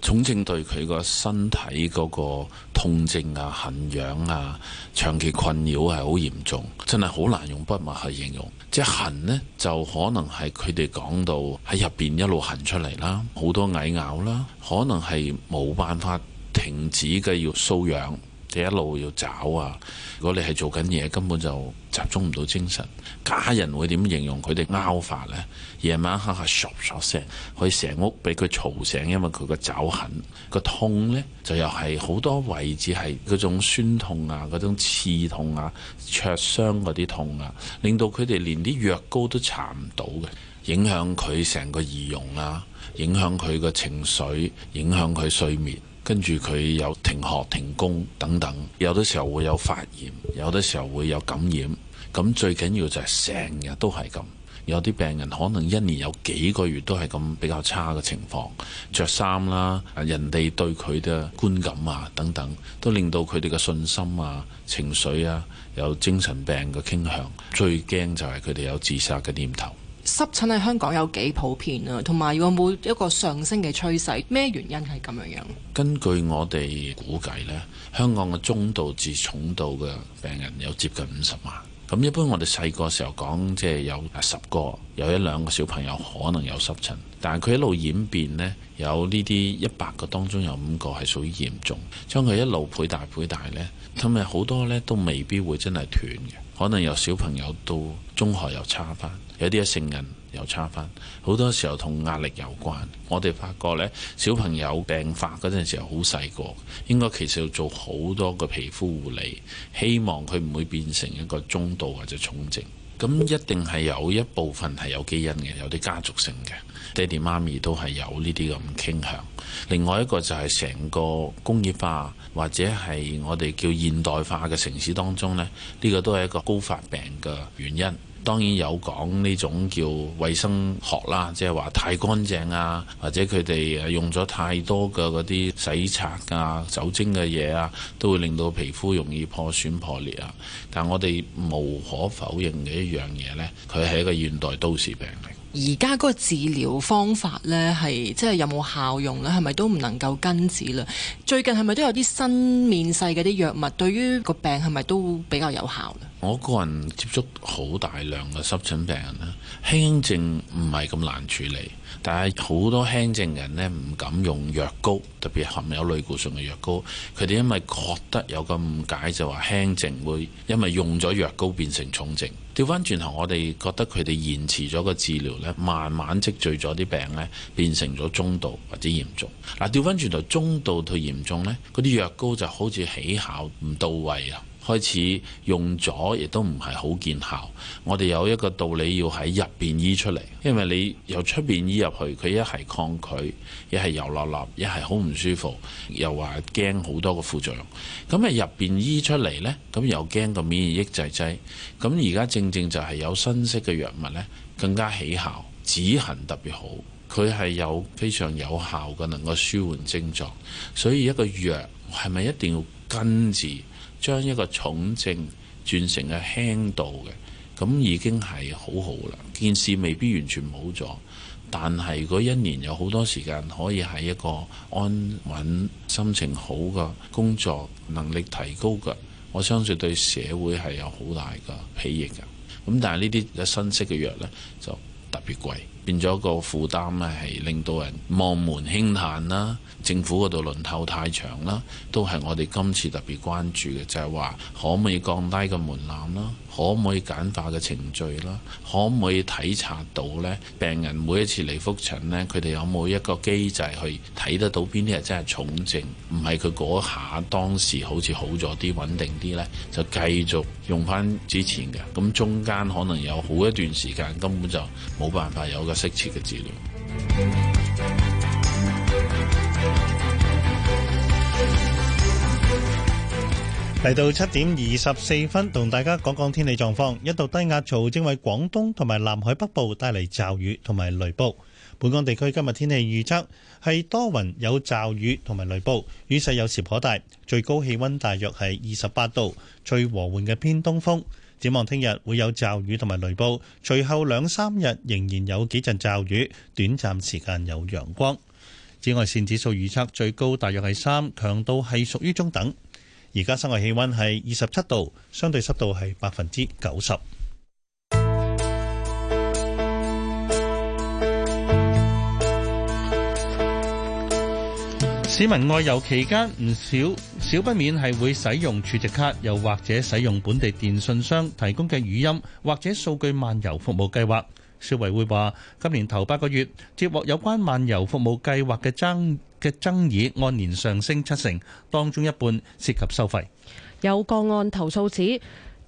重症對佢個身體嗰個痛症啊、痕癢啊、長期困擾係好嚴重，真係好難用筆墨去形容。即係痕呢，就可能係佢哋講到喺入邊一路痕出嚟啦，好多蟻咬啦，可能係冇辦法停止嘅要搔癢。你一路要找啊！如果你係做緊嘢，根本就集中唔到精神。家人會點形容佢哋拗法呢？夜晚黑嚇，嗦嗦聲，佢成屋俾佢嘈醒，因為佢個爪痕、個痛呢，就又係好多位置係嗰種酸痛啊、嗰種刺痛啊、灼傷嗰啲痛啊，令到佢哋連啲藥膏都搽唔到嘅，影響佢成個儀容啊，影響佢個情緒，影響佢睡眠。跟住佢有停學、停工等等，有的時候會有發炎，有的時候會有感染。咁最緊要就係成日都係咁，有啲病人可能一年有幾個月都係咁比較差嘅情況，着衫啦，人哋對佢嘅觀感啊等等，都令到佢哋嘅信心啊、情緒啊有精神病嘅傾向。最驚就係佢哋有自殺嘅念頭。濕疹喺香港有幾普遍啊？同埋有冇一個上升嘅趨勢？咩原因係咁樣樣？根據我哋估計呢，香港嘅中度至重度嘅病人有接近五十萬。咁一般我哋細個時候講，即係有十個有一兩個小朋友可能有濕疹，但係佢一路演變呢，有呢啲一百個當中有五個係屬於嚴重，將佢一路倍大倍大呢，咁咪好多呢都未必會真係斷嘅，可能有小朋友到中學又差翻。有啲一性人又差翻，好多時候同壓力有關。我哋發覺呢，小朋友病發嗰陣時候好細個，應該其實要做好多個皮膚護理，希望佢唔會變成一個中度或者重症。咁一定係有一部分係有基因嘅，有啲家族性嘅，爹哋媽咪都係有呢啲咁傾向。另外一個就係成個工業化或者係我哋叫現代化嘅城市當中呢，呢個都係一個高發病嘅原因。當然有講呢種叫衛生學啦，即係話太乾淨啊，或者佢哋用咗太多嘅嗰啲洗刷啊、酒精嘅嘢啊，都會令到皮膚容易破損破裂啊。但我哋無可否認嘅一樣嘢呢，佢係一個現代都市病。而家個治療方法呢，係即係有冇效用呢？係咪都唔能夠根治啦？最近係咪都有啲新面世嘅啲藥物，對於個病係咪都比較有效呢？我個人接觸好大量嘅濕疹病人啦，輕症唔係咁難處理。但係好多輕症人呢，唔敢用藥膏，特別含有類固醇嘅藥膏。佢哋因為覺得有個誤解，就話輕症會因為用咗藥膏變成重症。調翻轉頭，我哋覺得佢哋延遲咗個治療呢，慢慢積聚咗啲病呢，變成咗中度或者嚴重。嗱，調翻轉頭，中度到嚴重呢，嗰啲藥膏就好似起效唔到位啊！開始用咗，亦都唔係好見效。我哋有一個道理要喺入邊醫出嚟，因為你由出邊醫入去，佢一係抗拒，一係油落落，一係好唔舒服，又話驚好多個副作用。咁啊，入邊醫出嚟呢，咁又驚個免疫抑制劑。咁而家正正就係有新式嘅藥物呢，更加起效，止痕特別好。佢係有非常有效嘅，能夠舒緩症狀。所以一個藥係咪一定要根治？將一個重症轉成係輕度嘅，咁已經係好好啦。件事未必完全冇咗，但係如果一年有好多時間可以喺一個安穩、心情好嘅工作，能力提高嘅，我相信對社會係有好大嘅裨益嘅。咁但係呢啲新式嘅藥呢，就特別貴。變咗個負擔咧，係令到人望門興嘆啦。政府嗰度輪候太長啦，都係我哋今次特別關注嘅，就係、是、話可唔可以降低個門檻啦？可唔可以簡化個程序啦？可唔可以體察到呢？病人每一次嚟復診呢，佢哋有冇一個機制去睇得到邊啲係真係重症？唔係佢嗰下當時好似好咗啲、穩定啲呢，就繼續用翻之前嘅。咁中間可能有好一段時間根本就冇辦法有個。實時嘅資料嚟。到七點二十四分，同大家講講天氣狀況。一度低壓槽正為廣東同埋南海北部帶嚟驟雨同埋雷暴。本港地區今日天，天氣預測係多雲有驟雨同埋雷暴，雨勢有時頗大，最高氣温大約係二十八度，最和緩嘅偏東風。展望聽日會有驟雨同埋雷暴，隨後兩三日仍然有幾陣驟雨，短暫時間有陽光。紫外線指數預測最高大約係三，強度係屬於中等。而家室外氣溫係二十七度，相對濕度係百分之九十。市民外遊期間唔少少不免係會使用儲值卡，又或者使用本地電信商提供嘅語音或者數據漫遊服務計劃。消委會話：今年頭八個月，接獲有關漫遊服務計劃嘅爭嘅爭議，按年上升七成，當中一半涉及收費。有個案投訴指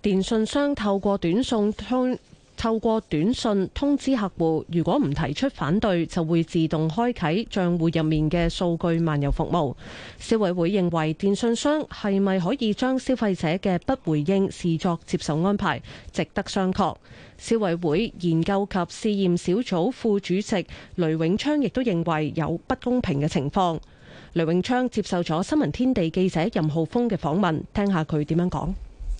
電信商透過短訊通。透過短信通知客戶，如果唔提出反對，就會自動開啟帳戶入面嘅數據漫遊服務。消委會認為，電信商係咪可以將消費者嘅不回應視作接受安排，值得商榷。消委會研究及試驗小組副主席雷永昌亦都認為有不公平嘅情況。雷永昌接受咗新聞天地記者任浩峰嘅訪問，聽下佢點樣講。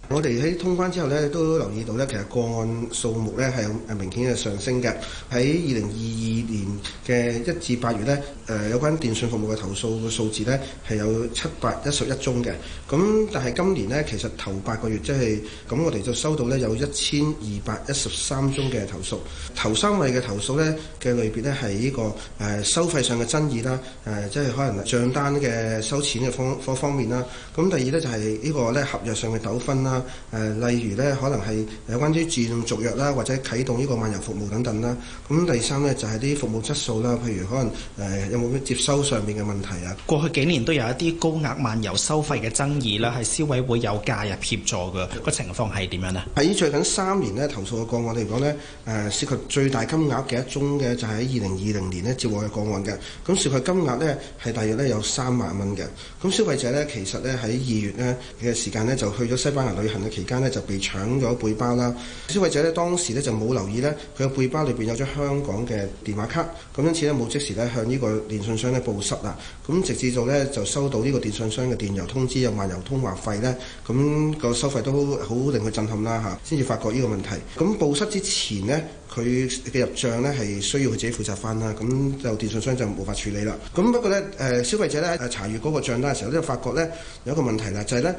我哋喺通關之後咧，都留意到咧，其實個案數目咧係有誒明顯嘅上升嘅。喺二零二二年嘅一至八月咧，誒有關電信服務嘅投訴嘅數字咧係有七百一十一宗嘅。咁但係今年咧，其實頭八個月即係咁，就是、我哋就收到咧有一千二百一十三宗嘅投訴，頭三位嘅投訴咧嘅類別咧係呢個誒收費上嘅爭議啦，誒即係可能賬單嘅收錢嘅方方面啦。咁第二咧就係呢個咧合約上嘅糾紛啦。誒，例如咧，可能係有關於自動續約啦，或者啟動呢個漫遊服務等等啦。咁第三咧，就係、是、啲服務質素啦，譬如可能誒有冇啲接收上面嘅問題啊？過去幾年都有一啲高額漫遊收費嘅爭議啦，係消委會有介入協助嘅，那個情況係點樣呢？喺最近三年咧投訴嘅個案嚟講呢，誒涉及最大金額嘅一宗嘅就喺二零二零年呢接獲嘅個案嘅，咁涉及金額呢，係大約呢有三萬蚊嘅。咁消費者呢，其實呢，喺二月呢嘅時間呢，就去咗西班牙。旅行嘅期間咧就被搶咗背包啦，消費者咧當時咧就冇留意咧，佢嘅背包裏邊有張香港嘅電話卡，咁因此咧冇即時咧向呢個電信商咧報失啦，咁直至到呢，就收到呢個電信商嘅電郵通知有漫遊通話費呢，咁個收費都好令佢震撼啦嚇，先至發覺呢個問題，咁報失之前呢。佢嘅入帳咧係需要佢自己負責翻啦，咁就電信商就無法處理啦。咁不過咧，誒消費者咧喺查閲嗰個帳單嘅時候咧，就發覺咧有一個問題啦，就係咧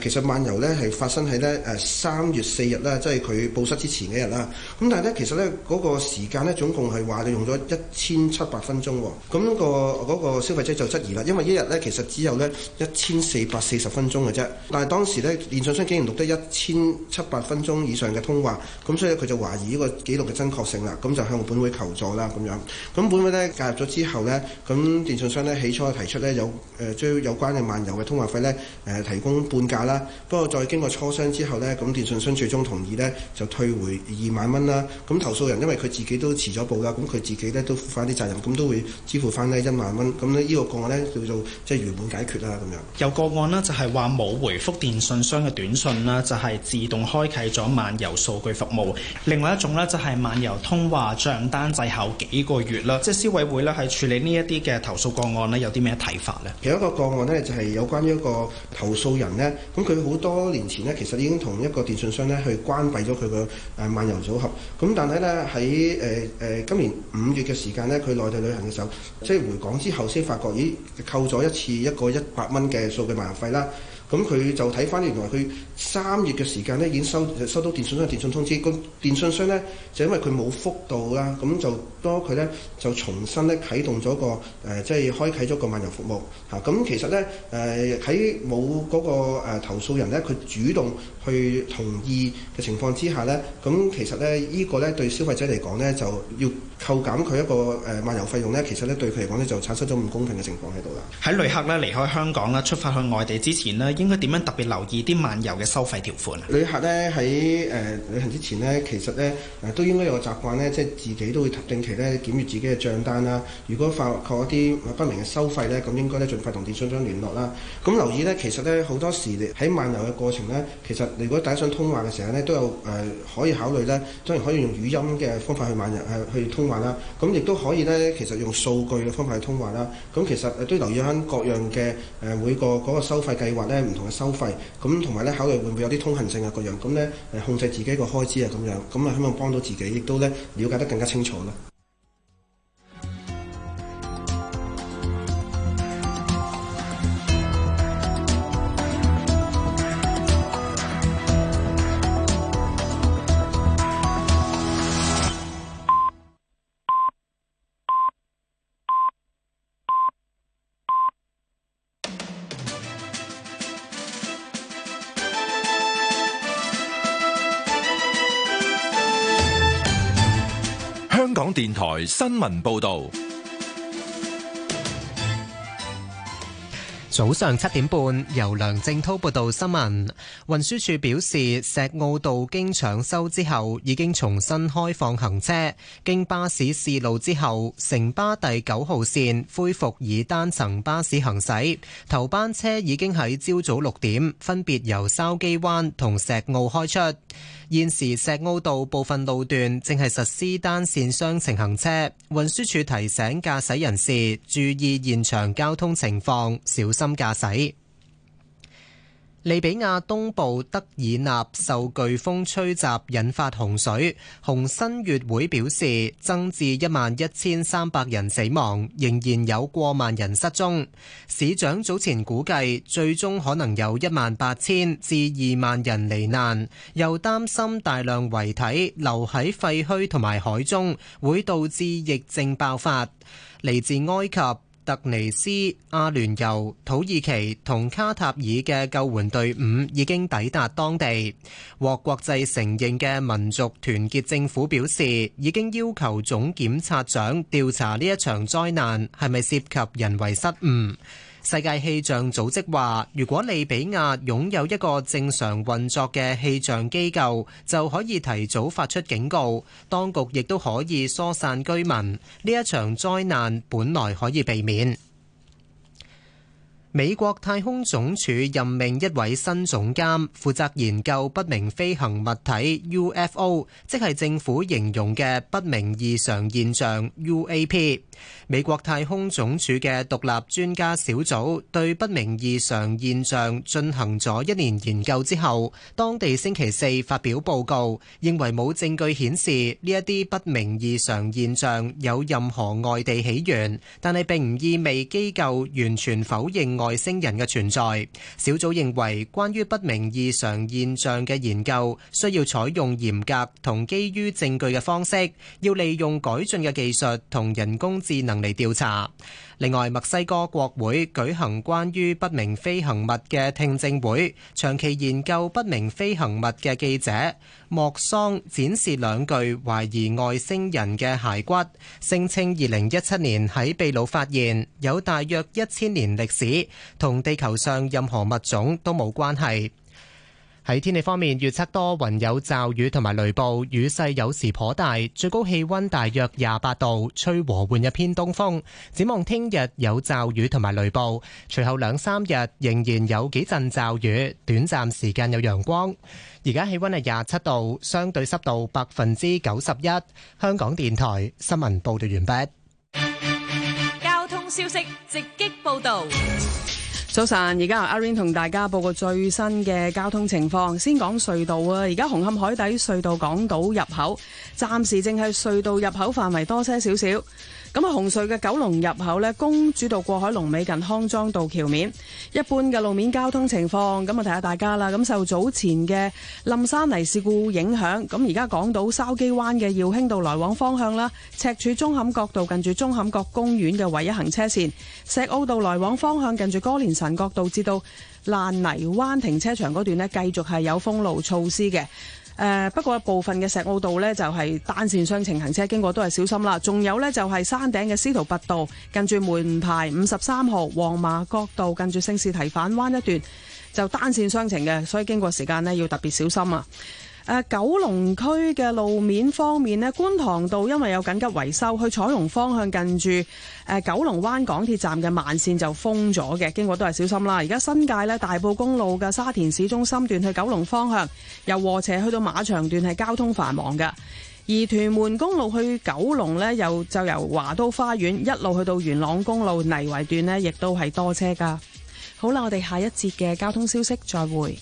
誒其實漫遊咧係發生喺咧誒三月四日啦，即係佢報失之前嘅日啦。咁但係咧，其實咧嗰個時間咧總共係話就用咗一千七百分鐘喎。咁個嗰個消費者就質疑啦，因為一日咧其實只有咧一千四百四十分鐘嘅啫。但係當時咧電信商竟然錄得一千七百分鐘以上嘅通話，咁所以佢就懷疑呢個記錄真確性啦，咁就向本會求助啦，咁樣，咁本會呢介入咗之後呢，咁電信商呢起初提出呢，有誒將有關嘅漫遊嘅通話費呢誒提供半價啦，不過再經過磋商之後呢，咁電信商最終同意呢，就退回二萬蚊啦。咁投訴人因為佢自己都遲咗報噶，咁佢自己呢都負翻啲責任，咁都會支付翻呢一萬蚊。咁呢，呢個個案呢叫做即係原本解決啦，咁樣。有個案呢就係話冇回覆電信商嘅短信啦，就係自動開啟咗漫遊數據服務。另外一種呢，就係、是。漫遊通話帳單滯後幾個月啦，即係消委會咧，係處理呢一啲嘅投訴個案咧，有啲咩睇法咧？其中一個個案咧，就係有關於一個投訴人咧，咁佢好多年前咧，其實已經同一個電信商咧去關閉咗佢嘅誒漫遊組合，咁但係咧喺誒誒今年五月嘅時間咧，佢內地旅行嘅時候，即係回港之後先發覺，咦扣咗一次一個一百蚊嘅數據漫遊費啦。咁佢就睇返原來佢三月嘅時間咧已經收收到電信商嘅電信通知，咁電信商呢，就因為佢冇覆到啦，咁就當佢呢，就重新呢，啟動咗個誒、呃，即係開啟咗個漫遊服務嚇。咁、啊啊、其實呢，誒喺冇嗰個投訴人呢，佢主動去同意嘅情況之下呢，咁、啊、其實呢，呢、呢個呢，對消費者嚟講呢，就要扣減佢一個誒漫遊費用呢。其實呢，對佢嚟講呢，就產生咗唔公平嘅情況喺度啦。喺旅客呢離開香港啦，出發去外地之前呢。應該點樣特別留意啲漫遊嘅收費條款？旅客咧喺誒旅行之前咧，其實咧誒都應該有個習慣咧，即係自己都會定期咧檢閱自己嘅帳單啦。如果發覺一啲不明嘅收費咧，咁應該咧盡快同電信商聯絡啦。咁、嗯、留意咧，其實咧好多時喺漫遊嘅過程咧，其實如果大家想通話嘅時候咧，都有誒、呃、可以考慮咧，當然可以用語音嘅方法去漫遊去去通話啦。咁亦都可以咧，其實用數據嘅方法去通話啦。咁、嗯、其實都留意翻各樣嘅誒每個嗰個收費計劃咧。唔同嘅收費，咁同埋咧，考慮會唔會有啲通行性啊，各樣咁咧，誒，控制自己個開支啊，咁樣咁啊，希望幫到自己，亦都咧，了解得更加清楚咯。新聞報道。早上七點半，由梁正濤報道新聞。運輸署表示，石澳道經搶修之後，已經重新開放行車；經巴士試路之後，城巴第九號線恢復以單層巴士行駛。頭班車已經喺朝早六點，分別由筲箕灣同石澳開出。現時石澳道部分路段正係實施單線雙程行車，運輸署提醒駕駛人士注意現場交通情況，小心駕駛。利比亞東部德爾納受颶風吹襲，引發洪水。紅新月會表示，增至一萬一千三百人死亡，仍然有過萬人失蹤。市長早前估計，最終可能有一萬八千至二萬人罹難，又擔心大量遺體留喺廢墟同埋海中，會導致疫症爆發。嚟自埃及、特尼斯、阿聯酋、土耳其同卡塔爾嘅救援隊伍已經抵達當地。獲國際承認嘅民族團結政府表示，已經要求總檢察長調查呢一場災難係咪涉及人為失誤。世界氣象組織話，如果利比亞擁有一個正常運作嘅氣象機構，就可以提早發出警告，當局亦都可以疏散居民。呢一場災難本來可以避免。美國太空總署任命一位新總監，負責研究不明飛行物體 （UFO），即係政府形容嘅不明異常現象 （UAP）。美國太空總署嘅獨立專家小組對不明異常現象進行咗一年研究之後，當地星期四發表報告，認為冇證據顯示呢一啲不明異常現象有任何外地起源，但係並唔意味機構完全否認。外星人嘅存在，小組認為關於不明異常現象嘅研究需要採用嚴格同基於證據嘅方式，要利用改進嘅技術同人工智能嚟調查。另外，墨西哥國會舉行關於不明飛行物嘅聽證會，長期研究不明飛行物嘅記者莫桑展示兩具懷疑外星人嘅骸骨，聲稱二零一七年喺秘魯發現，有大約一千年歷史，同地球上任何物種都冇關係。喺天氣方面，預測多雲有驟雨同埋雷暴，雨勢有時頗大，最高氣溫大約廿八度，吹和緩日偏東風。展望聽日有驟雨同埋雷暴，隨後兩三日仍然有幾陣驟雨，短暫時間有陽光。而家氣溫係廿七度，相對濕度百分之九十一。香港電台新聞報道完畢。交通消息直擊報道。早晨，而家阿 Rain 同大家報告最新嘅交通情況。先講隧道啊，而家紅磡海底隧道港島入口，暫時淨係隧道入口範圍多車少少。咁啊，紅隧嘅九龍入口咧，公主道過海龍尾近康莊道橋面，一般嘅路面交通情況，咁啊提下大家啦。咁受早前嘅冧山泥事故影響，咁而家港島筲箕灣嘅耀興道來往方向啦，赤柱舂坎角道近住舂坎角公園嘅唯一行車線，石澳道來往方向近住哥連臣角道至到爛泥灣停車場嗰段咧，繼續係有封路措施嘅。誒、呃，不過部分嘅石澳道呢，就係、是、單線雙程行車，經過都係小心啦。仲有呢，就係、是、山頂嘅司徒拔道，近住門牌五十三號，黃麻角道近住聖士提反灣一段就單線雙程嘅，所以經過時間呢，要特別小心啊。啊、九龍區嘅路面方面咧，觀塘道因為有緊急維修，去彩虹方向近住誒、啊、九龍灣港鐵站嘅慢線就封咗嘅，經過都係小心啦。而家新界咧，大埔公路嘅沙田市中心段去九龍方向由禾輋去到馬場段係交通繁忙嘅，而屯門公路去九龍呢，又就由華都花園一路去到元朗公路泥圍段呢，亦都係多車噶。好啦，我哋下一節嘅交通消息再會。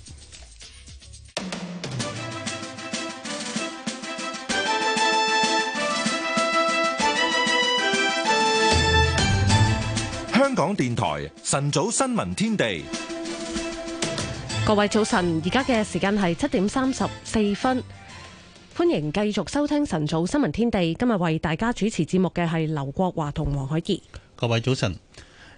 港電台晨早新聞天地，各位早晨，而家嘅時間係七點三十四分，歡迎繼續收聽晨早新聞天地。今日為大家主持節目嘅係劉國華同黃海杰。各位早晨，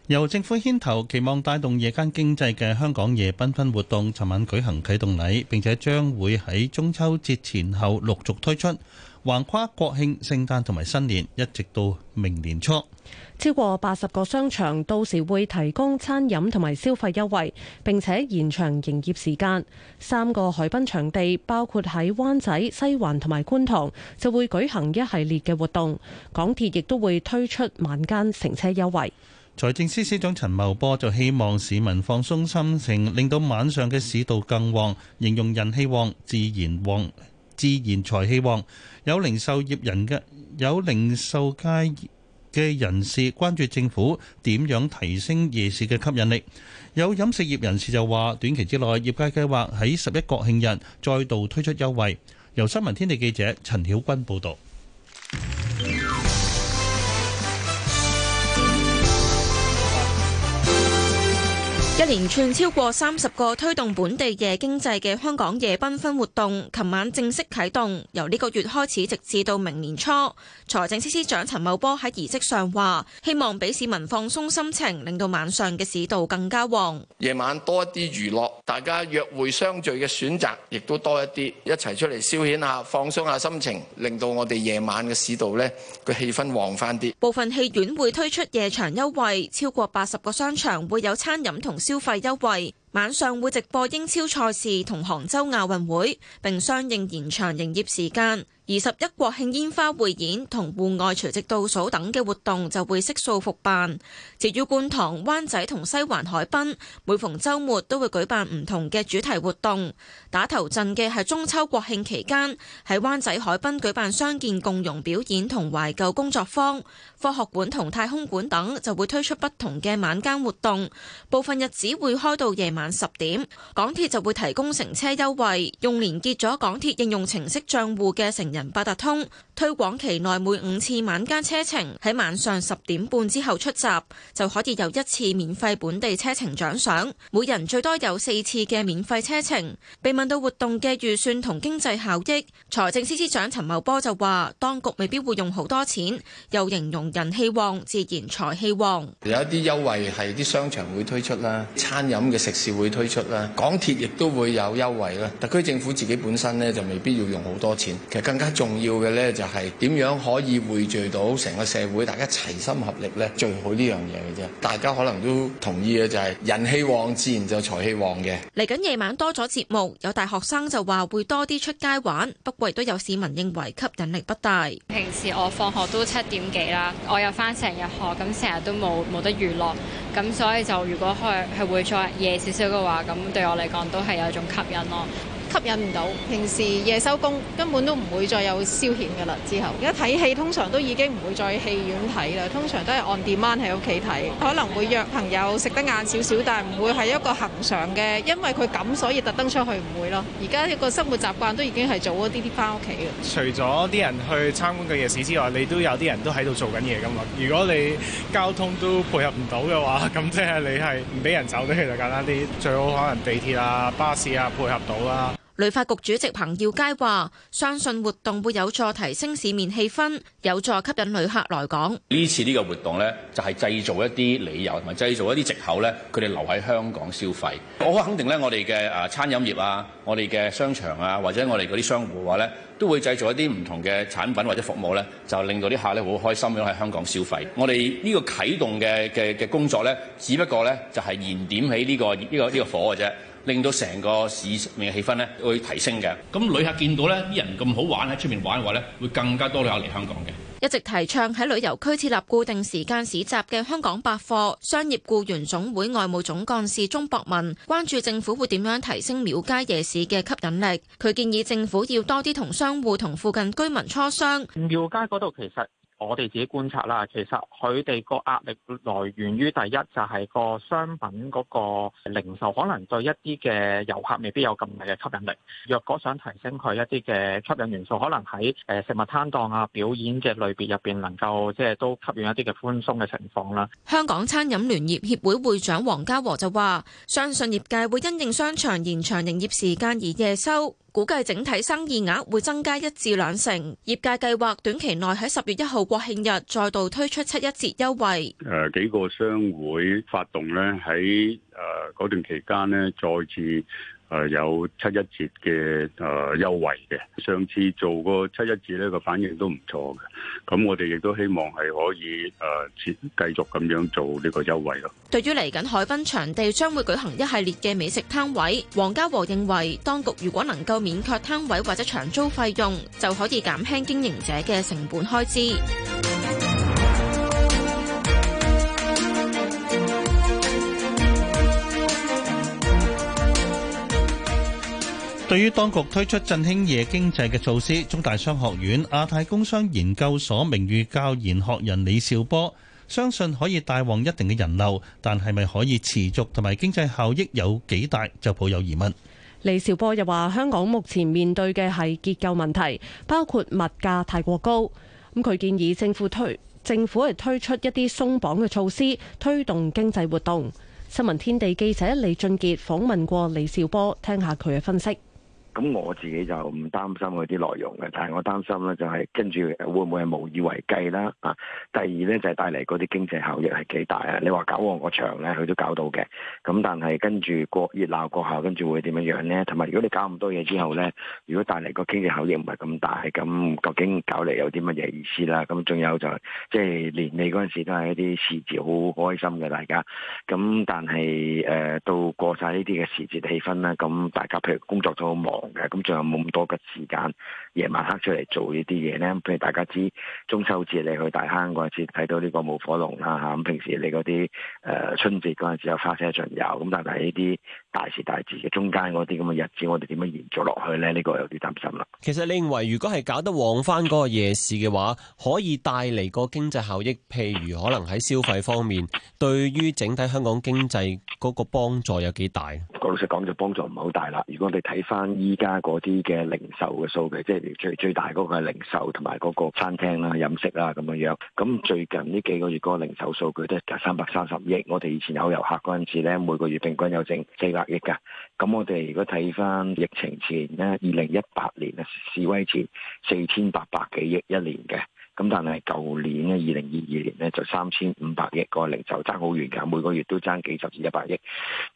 由政府牽頭，期望帶動夜間經濟嘅香港夜繽紛活動，尋晚舉行啟動禮，並且將會喺中秋節前後陸續推出。橫跨國慶、聖誕同埋新年，一直到明年初，超過八十個商場到時會提供餐飲同埋消費優惠，並且延長營業時間。三個海濱場地，包括喺灣仔、西環同埋觀塘，就會舉行一系列嘅活動。港鐵亦都會推出晚間乘車優惠。財政司司長陳茂波就希望市民放鬆心情，令到晚上嘅市道更旺，形容人氣旺，自然旺。自然財氣旺，有零售業人嘅有零售界嘅人士關注政府點樣提升夜市嘅吸引力。有飲食業人士就話，短期之內業界計劃喺十一國慶日再度推出優惠。由新聞天地記者陳曉君報導。一連串超過三十個推動本地夜經濟嘅香港夜繽紛活動，琴晚正式啟動，由呢個月開始直至到明年初。財政司司長陳茂波喺儀式上話，希望俾市民放鬆心情，令到晚上嘅市道更加旺。夜晚多一啲娛樂，大家約會相聚嘅選擇亦都多一啲，一齊出嚟消遣下，放鬆下心情，令到我哋夜晚嘅市道咧個氣氛旺翻啲。部分戲院會推出夜場優惠，超過八十個商場會有餐飲同消。消費優惠，晚上會直播英超賽事同杭州亞運會，並相應延長營業時間。二十一國慶煙花匯演同戶外除夕倒數等嘅活動就會悉數復辦。至於觀塘、灣仔同西環海濱，每逢週末都會舉辦唔同嘅主題活動。打頭陣嘅係中秋國慶期間，喺灣仔海濱舉辦傷健共融表演同懷舊工作坊，科學館同太空館等就會推出不同嘅晚間活動，部分日子會開到夜晚十點。港鐵就會提供乘車優惠，用連結咗港鐵應用程式賬戶嘅成人。八達通推廣期內，每五次晚間車程喺晚上十點半之後出閘就可以有一次免費本地車程獎賞，每人最多有四次嘅免費車程。被問到活動嘅預算同經濟效益，財政司司長陳茂波就話：當局未必會用好多錢，又形容人氣旺，自然財氣旺。有一啲優惠係啲商場會推出啦，餐飲嘅食肆會推出啦，港鐵亦都會有優惠啦。特區政府自己本身呢，就未必要用好多錢，其實更。更加重要嘅咧，就係點樣可以匯聚到成個社會，大家齊心合力咧，最好呢樣嘢嘅啫。大家可能都同意嘅就係人氣旺，自然就財氣旺嘅。嚟緊夜晚多咗節目，有大學生就話會多啲出街玩，不過亦都有市民認為吸引力不大。平時我放學都七點幾啦，我又返成日學，咁成日都冇冇得娛樂，咁所以就如果係係會再夜少少嘅話，咁對我嚟講都係有一種吸引咯。吸引唔到，平時夜收工根本都唔會再有消遣噶啦。之後而家睇戲通常都已經唔會喺戲院睇啦，通常都係 on demand 喺屋企睇，可能會約朋友食得晏少少，但唔會係一個恆常嘅，因為佢咁所以特登出去唔會咯。而家一個生活習慣都已經係早咗啲啲翻屋企喇。除咗啲人去參觀嘅夜市之外，你都有啲人都喺度做緊嘢噶嘛。如果你交通都配合唔到嘅話，咁即係你係唔俾人走嘅。其實簡單啲，最好可能地鐵啊、巴士啊配合到啦。旅發局主席彭耀佳話，相信活動會有助提升市面氣氛，有助吸引旅客來港。呢次呢個活動咧，就係製造一啲理由同埋製造一啲藉口咧，佢哋留喺香港消費。我可肯定咧，我哋嘅啊餐飲業啊，我哋嘅商場啊，或者我哋嗰啲商戶嘅話咧，都會製造一啲唔同嘅產品或者服務咧，就令到啲客咧好開心咁喺香港消費。我哋呢個啟動嘅嘅嘅工作咧，只不過咧就係燃點起呢個呢個呢個火嘅啫。令到成個市面嘅氣氛呢會提升嘅，咁旅客見到呢啲人咁好玩喺出面玩嘅話呢會更加多旅客嚟香港嘅。一直提倡喺旅遊區設立固定時間市集嘅香港百貨商業僱員總會外務總幹事鐘博文關注政府會點樣提升廟街夜市嘅吸引力。佢建議政府要多啲同商戶同附近居民磋商。廟街嗰度其實。我哋自己觀察啦，其實佢哋個壓力來源於第一就係個商品嗰個零售，可能對一啲嘅遊客未必有咁大嘅吸引力。若果想提升佢一啲嘅吸引元素，可能喺誒食物攤檔啊、表演嘅類別入邊，能夠即係都吸引一啲嘅寬鬆嘅情況啦。香港餐飲聯業協會會長黃家和就話：相信業界會因應商場延長營業時間而夜收。估計整體生意額會增加一至兩成，業界計劃短期內喺十月一號國慶日再度推出七一折優惠。誒，幾個商會發動咧，喺誒嗰段期間呢，再次。誒有七一折嘅誒優惠嘅，上次做個七一折呢個反應都唔錯嘅，咁我哋亦都希望係可以誒接、呃、繼續咁樣做呢個優惠咯。對於嚟緊海濱場地將會舉行一系列嘅美食攤位，黃家和認為當局如果能夠免卻攤位或者場租費用，就可以減輕經營者嘅成本開支。對於當局推出振興夜經濟嘅措施，中大商學院亞太工商研究所名譽教研學人李兆波相信可以帶旺一定嘅人流，但係咪可以持續同埋經濟效益有幾大就抱有疑問。李兆波又話，香港目前面對嘅係結構問題，包括物價太過高。咁佢建議政府推政府係推出一啲鬆綁嘅措施，推動經濟活動。新聞天地記者李俊杰訪問過李兆波，聽下佢嘅分析。咁我自己就唔擔心佢啲內容嘅，但係我擔心咧就係跟住會唔會係無以為繼啦啊！第二咧就係帶嚟嗰啲經濟效益係幾大啊？你話搞旺個場咧，佢都搞到嘅。咁但係跟住過熱鬧過後，跟住會點樣樣咧？同埋如果你搞咁多嘢之後咧，如果帶嚟個經濟效益唔係咁大，咁究竟搞嚟有啲乜嘢意思啦？咁仲有就係即係年尾嗰陣時都係一啲時節好開心嘅大家。咁但係誒到過晒呢啲嘅時節氣氛啦，咁大家譬如工作都好忙。咁，仲有冇咁多嘅時間？夜晚黑出嚟做呢啲嘢咧，譬如大家知中秋節你去大坑嗰陣時睇到呢個舞火龍啦吓，咁平時你嗰啲誒春節嗰陣時有花車巡遊咁，但係呢啲大時大節嘅中間嗰啲咁嘅日子，我哋點樣延續落去咧？呢個有啲擔心啦。其實你認為如果係搞得旺翻嗰個夜市嘅話，可以帶嚟個經濟效益，譬如可能喺消費方面，對於整體香港經濟嗰個幫助有幾大？講老實講就幫助唔係好大啦。如果你睇翻依家嗰啲嘅零售嘅數據，即係。最最大嗰個係零售同埋嗰個餐廳啦、飲食啦咁樣樣。咁最近呢幾個月嗰個零售數據都係三百三十億。我哋以前有遊客嗰陣時咧，每個月平均有剩四百億㗎。咁我哋如果睇翻疫情前咧，二零一八年，啊示威前，四千八百幾億一年嘅。咁但係舊年咧，二零二二年咧就三千五百億個零售爭好遠㗎，每個月都爭幾十至一百億。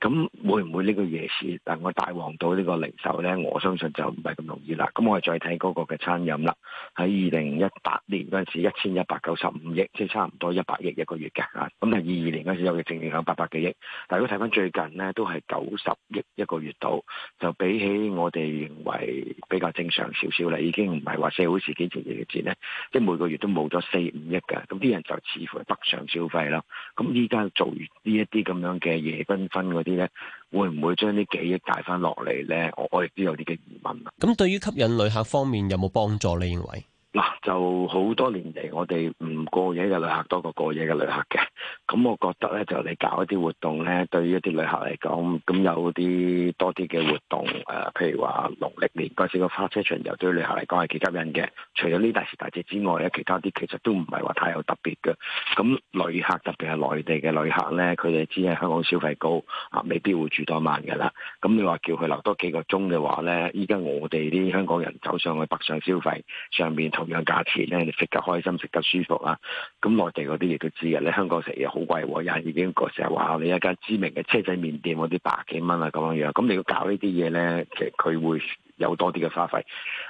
咁會唔會呢個夜市，但我帶旺到呢個零售咧，我相信就唔係咁容易啦。咁我哋再睇嗰個嘅餐飲啦。喺二零一八年嗰陣時一千一百九十五億，即係差唔多一百億一個月嘅嚇。咁係二二年嗰陣時有嘅正營有八百幾億，大家睇翻最近咧都係九十億一個月度，就比起我哋認為比較正常少少啦，已經唔係話社會事件前嘅節咧，即係每個月。都冇咗四五億嘅，咁啲人就似乎係北上消費啦。咁依家做完呢一啲咁樣嘅夜繽紛嗰啲咧，會唔會將呢幾億帶翻落嚟咧？我我亦都有啲嘅疑問啦。咁對於吸引旅客方面有冇幫助？你認為？啊、就好多年嚟，我哋唔過夜嘅旅客多過過夜嘅旅客嘅，咁、嗯、我覺得咧，就嚟搞一啲活動咧，對於一啲旅客嚟講，咁有啲多啲嘅活動，誒、啊，譬如話農曆年嗰時個花車巡遊，對於旅客嚟講係幾吸引嘅。除咗呢大時大節之外咧，其他啲其實都唔係話太有特別嘅。咁旅客特別係內地嘅旅客咧，佢哋知係香港消費高，啊，未必會住多晚㗎啦。咁你話叫佢留多幾個鐘嘅話咧，依家我哋啲香港人走上去北上消費，上面同。樣價錢咧，你食得開心，食得舒服啊！咁內地嗰啲亦都知嘅，你香港食嘢好貴，廿二幾個成日話你一間知名嘅車仔麵店嗰啲百幾蚊啊咁樣樣。咁你要搞呢啲嘢咧，其實佢會有多啲嘅花費。誒、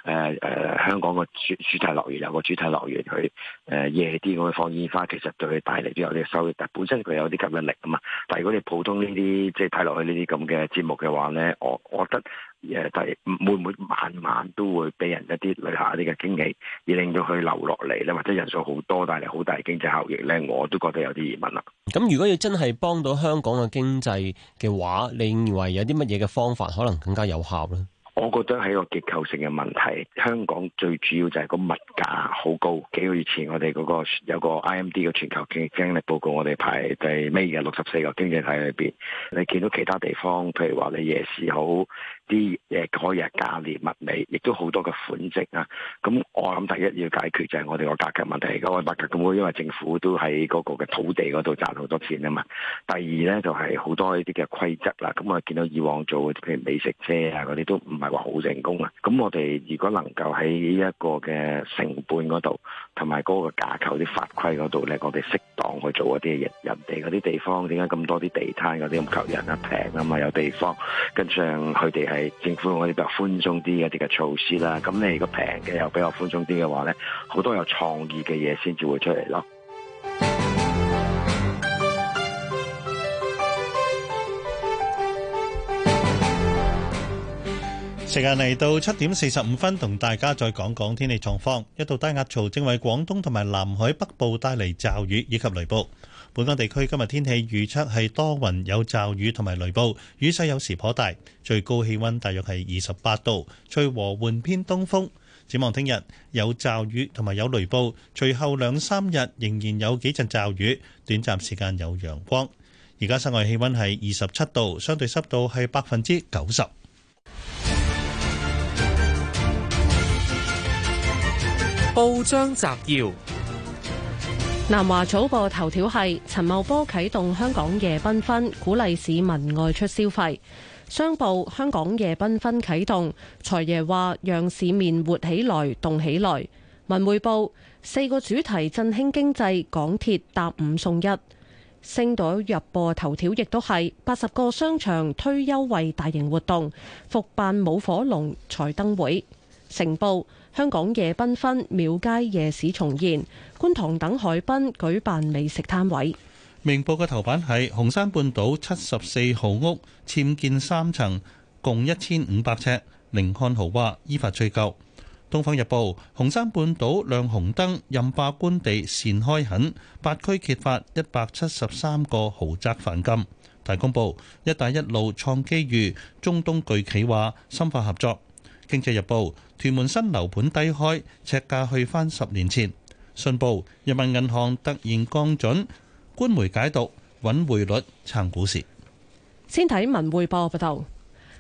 呃、誒、呃，香港主主個主主題樂園有個主題樂園去誒夜啲，佢放煙花，其實對佢帶嚟都有啲收益。但本身佢有啲吸引力啊嘛。但係如果你普通、就是、這這呢啲即係睇落去呢啲咁嘅節目嘅話咧，我我覺得。誒，但係會唔會晚晚都會俾人一啲旅客、一啲嘅驚喜，而令到佢留落嚟咧，或者人數好多，帶嚟好大經濟效益咧，我都覺得有啲疑問啦。咁如果要真係幫到香港嘅經濟嘅話，你認為有啲乜嘢嘅方法可能更加有效咧？我覺得係一個結構性嘅問題。香港最主要就係個物價好高。幾個月前我哋嗰個有個 IMD 嘅全球經濟經濟報告，我哋排第尾嘅六十四個經濟體裏邊，你見到其他地方，譬如話你夜市好。啲誒可以係價廉物美，亦都好多嘅款式啊！咁我諗第一要解決就係我哋個價格問題，因為政府都喺嗰個嘅土地嗰度賺好多錢啊嘛。第二呢就係好多呢啲嘅規則啦，咁我見到以往做譬如美食車啊嗰啲都唔係話好成功啊。咁我哋如果能夠喺呢一個嘅成本嗰度，同埋嗰個架構啲法規嗰度呢，我哋適當去做一啲。人哋嗰啲地方點解咁多啲地攤嗰啲咁求人啊？平啊嘛，有地方，跟上佢哋係。係政府，我哋比較寬鬆啲一啲嘅措施啦。咁你如果平嘅又比較寬鬆啲嘅話呢，好多有創意嘅嘢，先至會出嚟咯。時間嚟到七點四十五分，同大家再講講天氣狀況。一度低壓槽正為廣東同埋南海北部帶嚟驟雨以及雷暴。本港地區今日天氣預測係多雲有驟雨同埋雷暴，雨勢有時頗大，最高氣温大約係二十八度，吹和緩偏東風。展望聽日有驟雨同埋有雷暴，隨後兩三日仍然有幾陣驟雨，短暫時間有陽光。而家室外氣温係二十七度，相對濕度係百分之九十。報章摘要。南華早報頭條係陳茂波啟動香港夜繽紛，鼓勵市民外出消費。商報香港夜繽紛啟動，財爺話讓市面活起來、動起來。文匯報四個主題振興經濟，港鐵搭五送一。星島日報頭條亦都係八十個商場推優惠大型活動，復辦舞火龍、財燈會。城報：香港夜繽紛，廟街夜市重現，觀塘等海濱舉辦美食攤位。明報嘅頭版係紅山半島七十四號屋僭建三層，共一千五百尺。甯漢豪話依法追究。東方日報：紅山半島亮紅燈，任霸官地擅開墾，八區揭發一百七十三個豪宅犯禁。大公報：一帶一路創機遇，中東巨企話深化合作。經濟日報。屯門新樓盤低開，尺價去翻十年前。信報，人民銀行突然降準，官媒解讀穩匯率撐股市。先睇文匯報報道：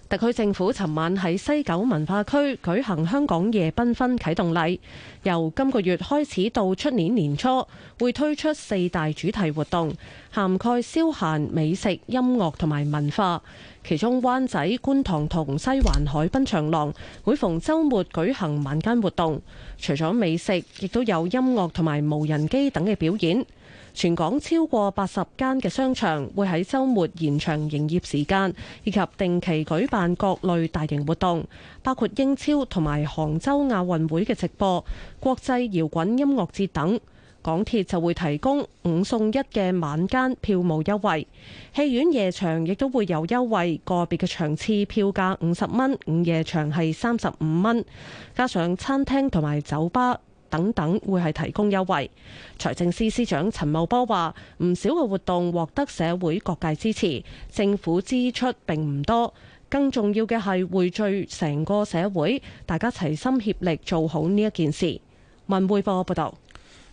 特區政府尋晚喺西九文化區舉行香港夜繽紛啟動禮，由今個月開始到出年年初，會推出四大主題活動，涵蓋消閒、美食、音樂同埋文化。其中，灣仔、觀塘同西環海濱長廊，每逢週末舉行晚間活動。除咗美食，亦都有音樂同埋無人機等嘅表演。全港超過八十間嘅商場會喺週末延長營業時間，以及定期舉辦各類大型活動，包括英超同埋杭州亞運會嘅直播、國際搖滾音樂節等。港鐵就會提供五送一嘅晚間票務優惠，戲院夜場亦都會有優惠，個別嘅場次票價五十蚊，午夜場係三十五蚊，加上餐廳同埋酒吧等等會係提供優惠。財政司司,司長陳茂波話：唔少嘅活動獲得社會各界支持，政府支出並唔多，更重要嘅係匯聚成個社會，大家齊心協力做好呢一件事。文匯報報道。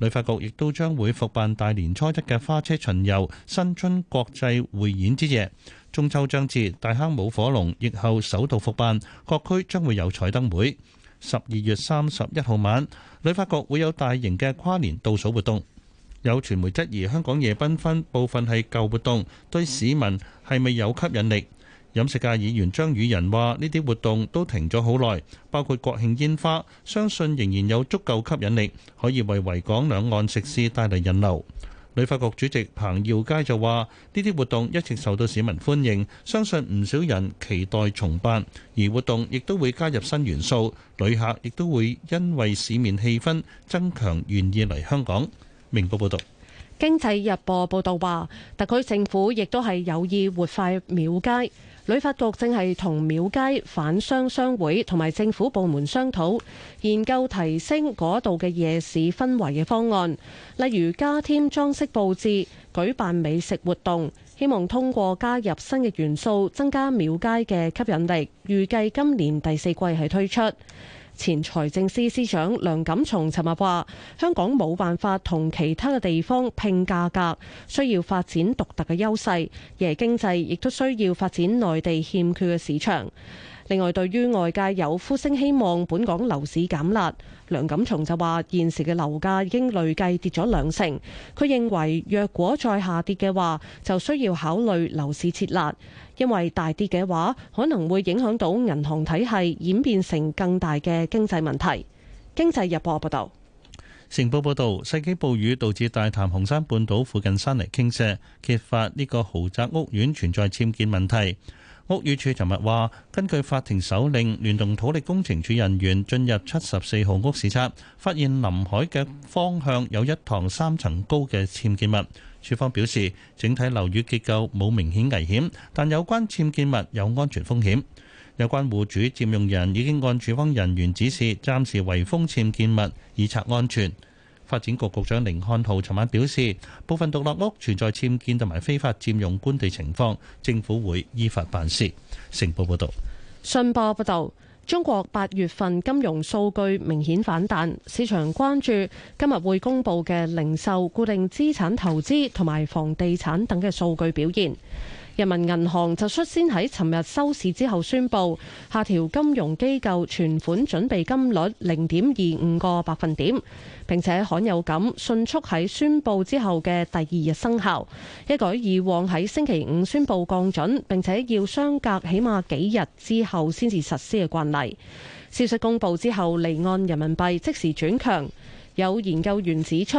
旅發局亦都將會復辦大年初一嘅花車巡遊、新春國際匯演之夜、中秋將至、大坑舞火龍，疫後首度復辦。各區將會有彩燈會。十二月三十一號晚，旅發局會有大型嘅跨年倒數活動。有傳媒質疑香港夜繽紛部分係舊活動，對市民係咪有吸引力？飲食界議員張宇仁話：呢啲活動都停咗好耐，包括國慶煙花，相信仍然有足夠吸引力，可以為維港兩岸食肆帶嚟人流。旅發局主席彭耀佳就話：呢啲活動一直受到市民歡迎，相信唔少人期待重辦，而活動亦都會加入新元素，旅客亦都會因為市面氣氛增強，願意嚟香港。明報報道，《經濟日報》報道話，特區政府亦都係有意活化廟街。旅發局正係同廟街販商商會同埋政府部門商討，研究提升嗰度嘅夜市氛圍嘅方案，例如加添裝飾佈置、舉辦美食活動，希望通過加入新嘅元素，增加廟街嘅吸引力。預計今年第四季係推出。前財政司司長梁錦松尋日話：香港冇辦法同其他嘅地方拼價格，需要發展獨特嘅優勢。而經濟亦都需要發展內地欠缺嘅市場。另外，對於外界有呼聲希望本港樓市減辣，梁錦松就話：現時嘅樓價已經累計跌咗兩成。佢認為若果再下跌嘅話，就需要考慮樓市撤辣。因為大跌嘅話，可能會影響到銀行體系，演變成更大嘅經濟問題。經濟日報報道，成報報道，世紀暴雨導致大潭紅山半島附近山泥傾瀉，揭發呢個豪宅屋苑存在僭建問題。屋宇署尋日話，根據法庭手令，聯動土力工程署人員進入七十四號屋視察，發現臨海嘅方向有一堂三層高嘅僭建物。署方表示，整體樓宇結構冇明顯危險，但有關僭建物有安全風險。有關戶主佔用人已經按署方人員指示暫時圍封僭建物，以策安全。發展局局長甯漢豪尋晚表示，部分獨立屋存在僭建同埋非法佔用官地情況，政府會依法辦事。成報報導，信報報道。中國八月份金融數據明顯反彈，市場關注今日會公佈嘅零售、固定資產投資同埋房地產等嘅數據表現。人民銀行就率先喺尋日收市之後宣布下調金融機構存款準備金率零點二五個百分點，並且罕有咁迅速喺宣布之後嘅第二日生效，一改以往喺星期五宣布降準，並且要相隔起碼幾日之後先至實施嘅慣例。消息公布之後，離岸人民幣即時轉強。有研究員指出，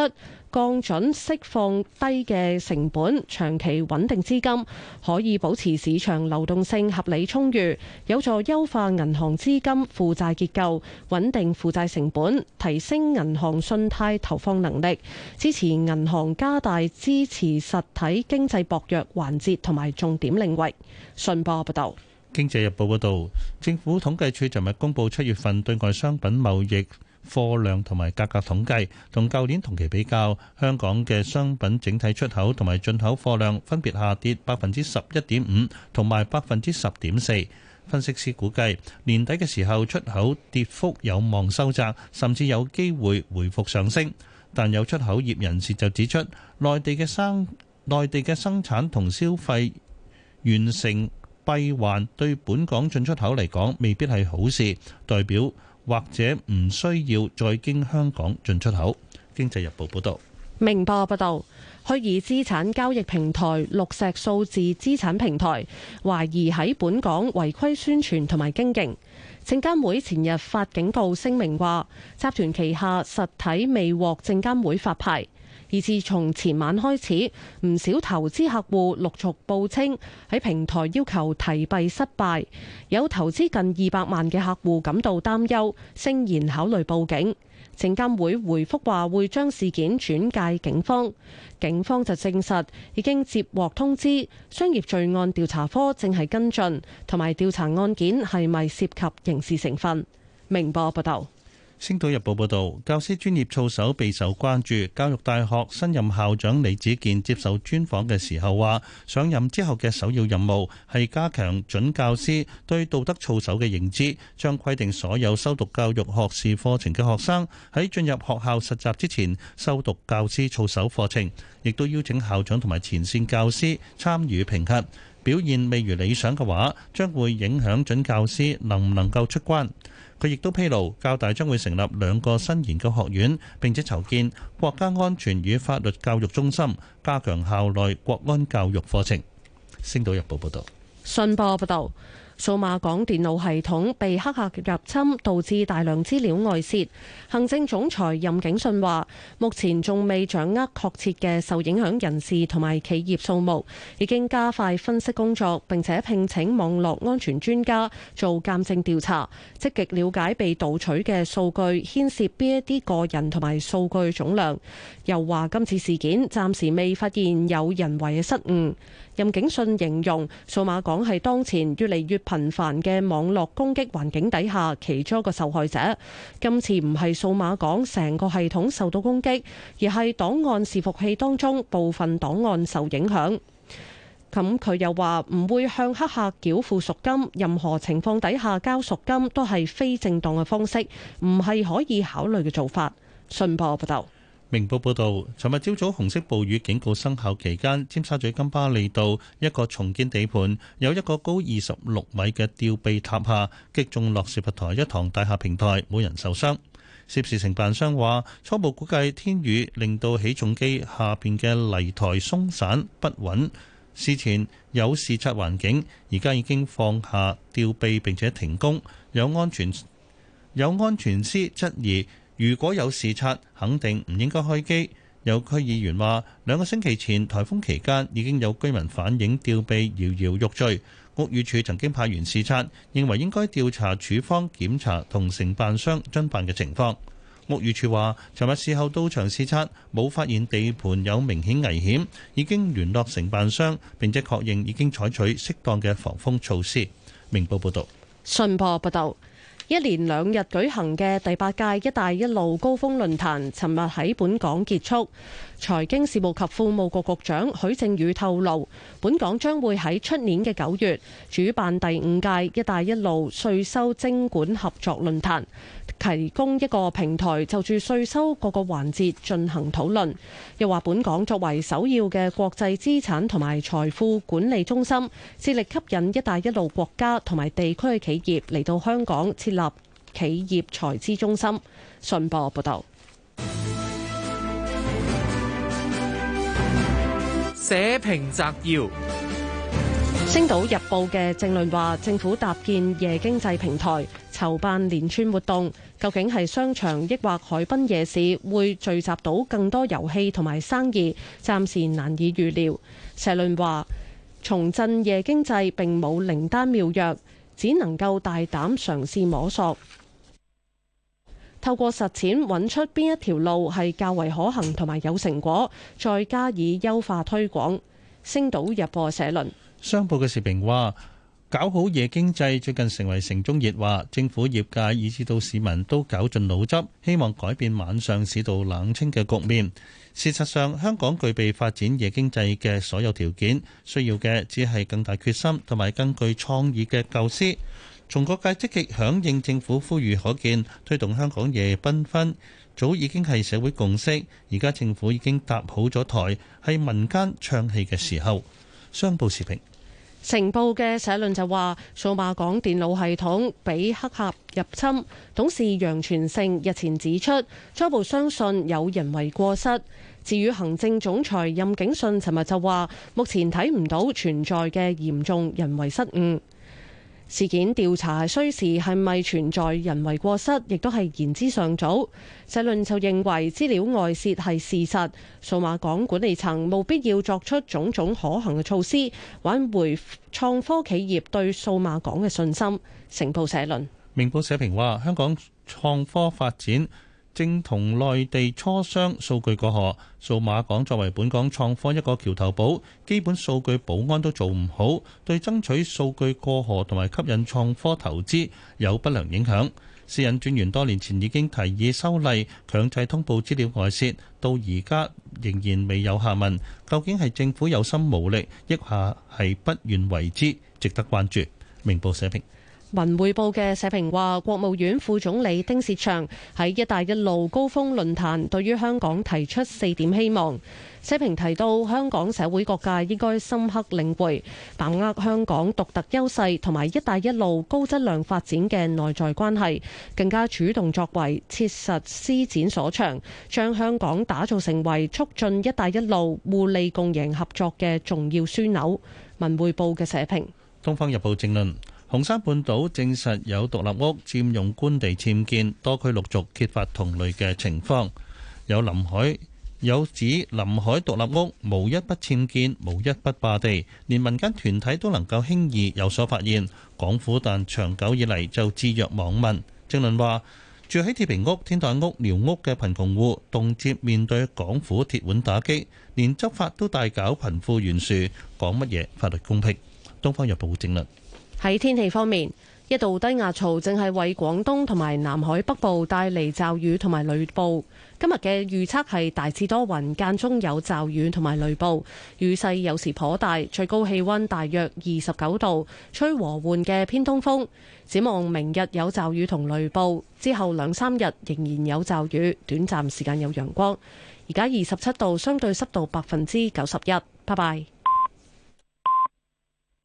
降準釋放低嘅成本，長期穩定資金，可以保持市場流動性合理充裕，有助優化銀行資金負債結構，穩定負債成本，提升銀行信貸投放能力，支持銀行加大支持實體經濟薄弱環節同埋重點領域。信報報道。《經濟日報》報道，政府統計處尋日公布七月份對外商品貿易。貨量同埋價格統計，同舊年同期比較，香港嘅商品整體出口同埋進口貨量分別下跌百分之十一點五同埋百分之十點四。分析師估計年底嘅時候出口跌幅有望收窄，甚至有機會回復上升。但有出口業人士就指出，內地嘅生內地嘅生產同消費完成閉環，對本港進出口嚟講未必係好事，代表，或者唔需要再經香港進出口。經濟日報報道，明報報道，虛擬資產交易平台綠石數字資產平台，懷疑喺本港違規宣傳同埋經營，證監會前日發警告聲明話，集團旗下實體未獲證監會發牌。而自從前晚開始，唔少投資客戶陸續報稱喺平台要求提幣失敗，有投資近二百萬嘅客戶感到擔憂，聲言考慮報警。證監會回覆話會將事件轉介警方，警方就證實已經接獲通知，商業罪案調查科正係跟進同埋調查案件係咪涉及刑事成分。明報報道。星島日報報導，教師專業操守備受關注。教育大學新任校長李子健接受專訪嘅時候話：上任之後嘅首要任務係加強準教師對道德操守嘅認知，將規定所有修讀教育學士課程嘅學生喺進入學校實習之前修讀教師操守課程，亦都邀請校長同埋前線教師參與評核。表現未如理想嘅話，將會影響準教師能唔能夠出關。佢亦都披露，教大將會成立兩個新研究學院，並且籌建國家安全與法律教育中心，加強校內國安教育課程。星島日報報道，信報報道。數碼港電腦系統被黑客入侵，導致大量資料外泄。行政總裁任景信話：目前仲未掌握確切嘅受影響人士同埋企業數目，已經加快分析工作，並且聘請網絡安全專家做鑒證調查，積極了解被盜取嘅數據牽涉邊一啲個人同埋數據總量。又話今次事件暫時未發現有人為嘅失誤。任景信形容數碼港係當前越嚟越。頻繁嘅網絡攻擊環境底下，其中一個受害者，今次唔係數碼港成個系統受到攻擊，而係檔案伺服器當中部分檔案受影響。咁佢又話唔會向黑客繳付贖金，任何情況底下交贖金都係非正當嘅方式，唔係可以考慮嘅做法。信報報道。明報報導，尋日朝早紅色暴雨警告生效期間，尖沙咀金巴利道一個重建地盤有一個高二十六米嘅吊臂塌下，擊中落石台一堂大廈平台，冇人受傷。涉事承辦商話初步估計天雨令到起重機下邊嘅泥台鬆散不穩，事前有視察環境，而家已經放下吊臂並且停工。有安全有安全師質疑。如果有視察，肯定唔應該開機。有區議員話，兩個星期前颱風期間已經有居民反映吊臂搖搖欲墜。屋宇署曾經派員視察，認為應該調查署方檢查同承辦商執辦嘅情況。屋宇署話，尋日事後到場視察，冇發現地盤有明顯危險，已經聯絡承辦商，並且確認已經採取適當嘅防風措施。明報報導，信報報導。一連兩日舉行嘅第八屆「一帶一路」高峰論壇，尋日喺本港結束。財經事務及庫務局局長許正宇透露，本港將會喺出年嘅九月，主辦第五屆「一帶一路」稅收徵管合作論壇。提供一個平台，就住稅收各個環節進行討論，又話本港作為首要嘅國際資產同埋財富管理中心，致力吸引「一帶一路」國家同埋地區嘅企業嚟到香港設立企業財資中心。信報報道。社評摘要，《星島日報》嘅政論話政府搭建夜經濟平台，籌辦連串活動。究竟係商場抑或海濱夜市會聚集到更多遊戲同埋生意，暫時難以預料。社論話重振夜經濟並冇靈丹妙藥，只能夠大膽嘗試摸索，透過實踐揾出邊一條路係較為可行同埋有成果，再加以優化推廣。星島日報社論，商報嘅時評話。搞好夜經濟最近成為城中熱話，政府、業界以至到市民都絞盡腦汁，希望改變晚上市道冷清嘅局面。事實上，香港具備發展夜經濟嘅所有條件，需要嘅只係更大決心同埋更具創意嘅構思。從各界積極響應政府呼籲可見推動香港夜繽紛早已經係社會共識，而家政府已經搭好咗台，係民間唱戲嘅時候。商報時評。成報嘅社論就話：數碼港電腦系統俾黑客入侵。董事楊全勝日前指出，初步相信有人為過失。至於行政總裁任景信，尋日就話：目前睇唔到存在嘅嚴重人為失誤。事件調查需時，係咪存在人為過失，亦都係言之尚早。社論就認為資料外洩係事實，數碼港管理層冇必要作出種種可行嘅措施，挽回創科企業對數碼港嘅信心。成報社論，明報社評話香港創科發展，正同內地磋商數據過河，數碼港作為本港創科一個橋頭堡，基本數據保安都做唔好，對爭取數據過河同埋吸引創科投資有不良影響。私隱專員多年前已經提議修例強制通報資料外泄，到而家仍然未有下文。究竟係政府有心無力，抑下係不願為之？值得關注。明報社評。文匯報嘅社評話，國務院副總理丁薛祥喺“一帶一路”高峰論壇對於香港提出四點希望。社評提到，香港社會各界應該深刻領會把握香港獨特優勢同埋“一帶一路”高質量發展嘅內在關係，更加主動作為，切實施展所長，將香港打造成為促進“一帶一路”互利共贏合作嘅重要樞紐。文匯報嘅社評，《東方日報》正論。紅山半島證實有獨立屋佔用官地僭建，多區陸續揭發同類嘅情況。有臨海有指臨海獨立屋無一不僭建，無一不霸地，連民間團體都能夠輕易有所發現。港府但長久以嚟就置若罔聞。正論話住喺鐵皮屋、天台屋、寮屋嘅貧窮戶，動輒面對港府鐵腕打擊，連執法都大搞貧富懸殊，講乜嘢法律公平？《東方日報》正論。喺天氣方面，一道低壓槽正係為廣東同埋南海北部帶嚟驟雨同埋雷暴。今日嘅預測係大致多雲，間中有驟雨同埋雷暴，雨勢有時頗大。最高氣溫大約二十九度，吹和緩嘅偏東風。展望明日有驟雨同雷暴，之後兩三日仍然有驟雨，短暫時間有陽光。而家二十七度，相對濕度百分之九十一。拜拜。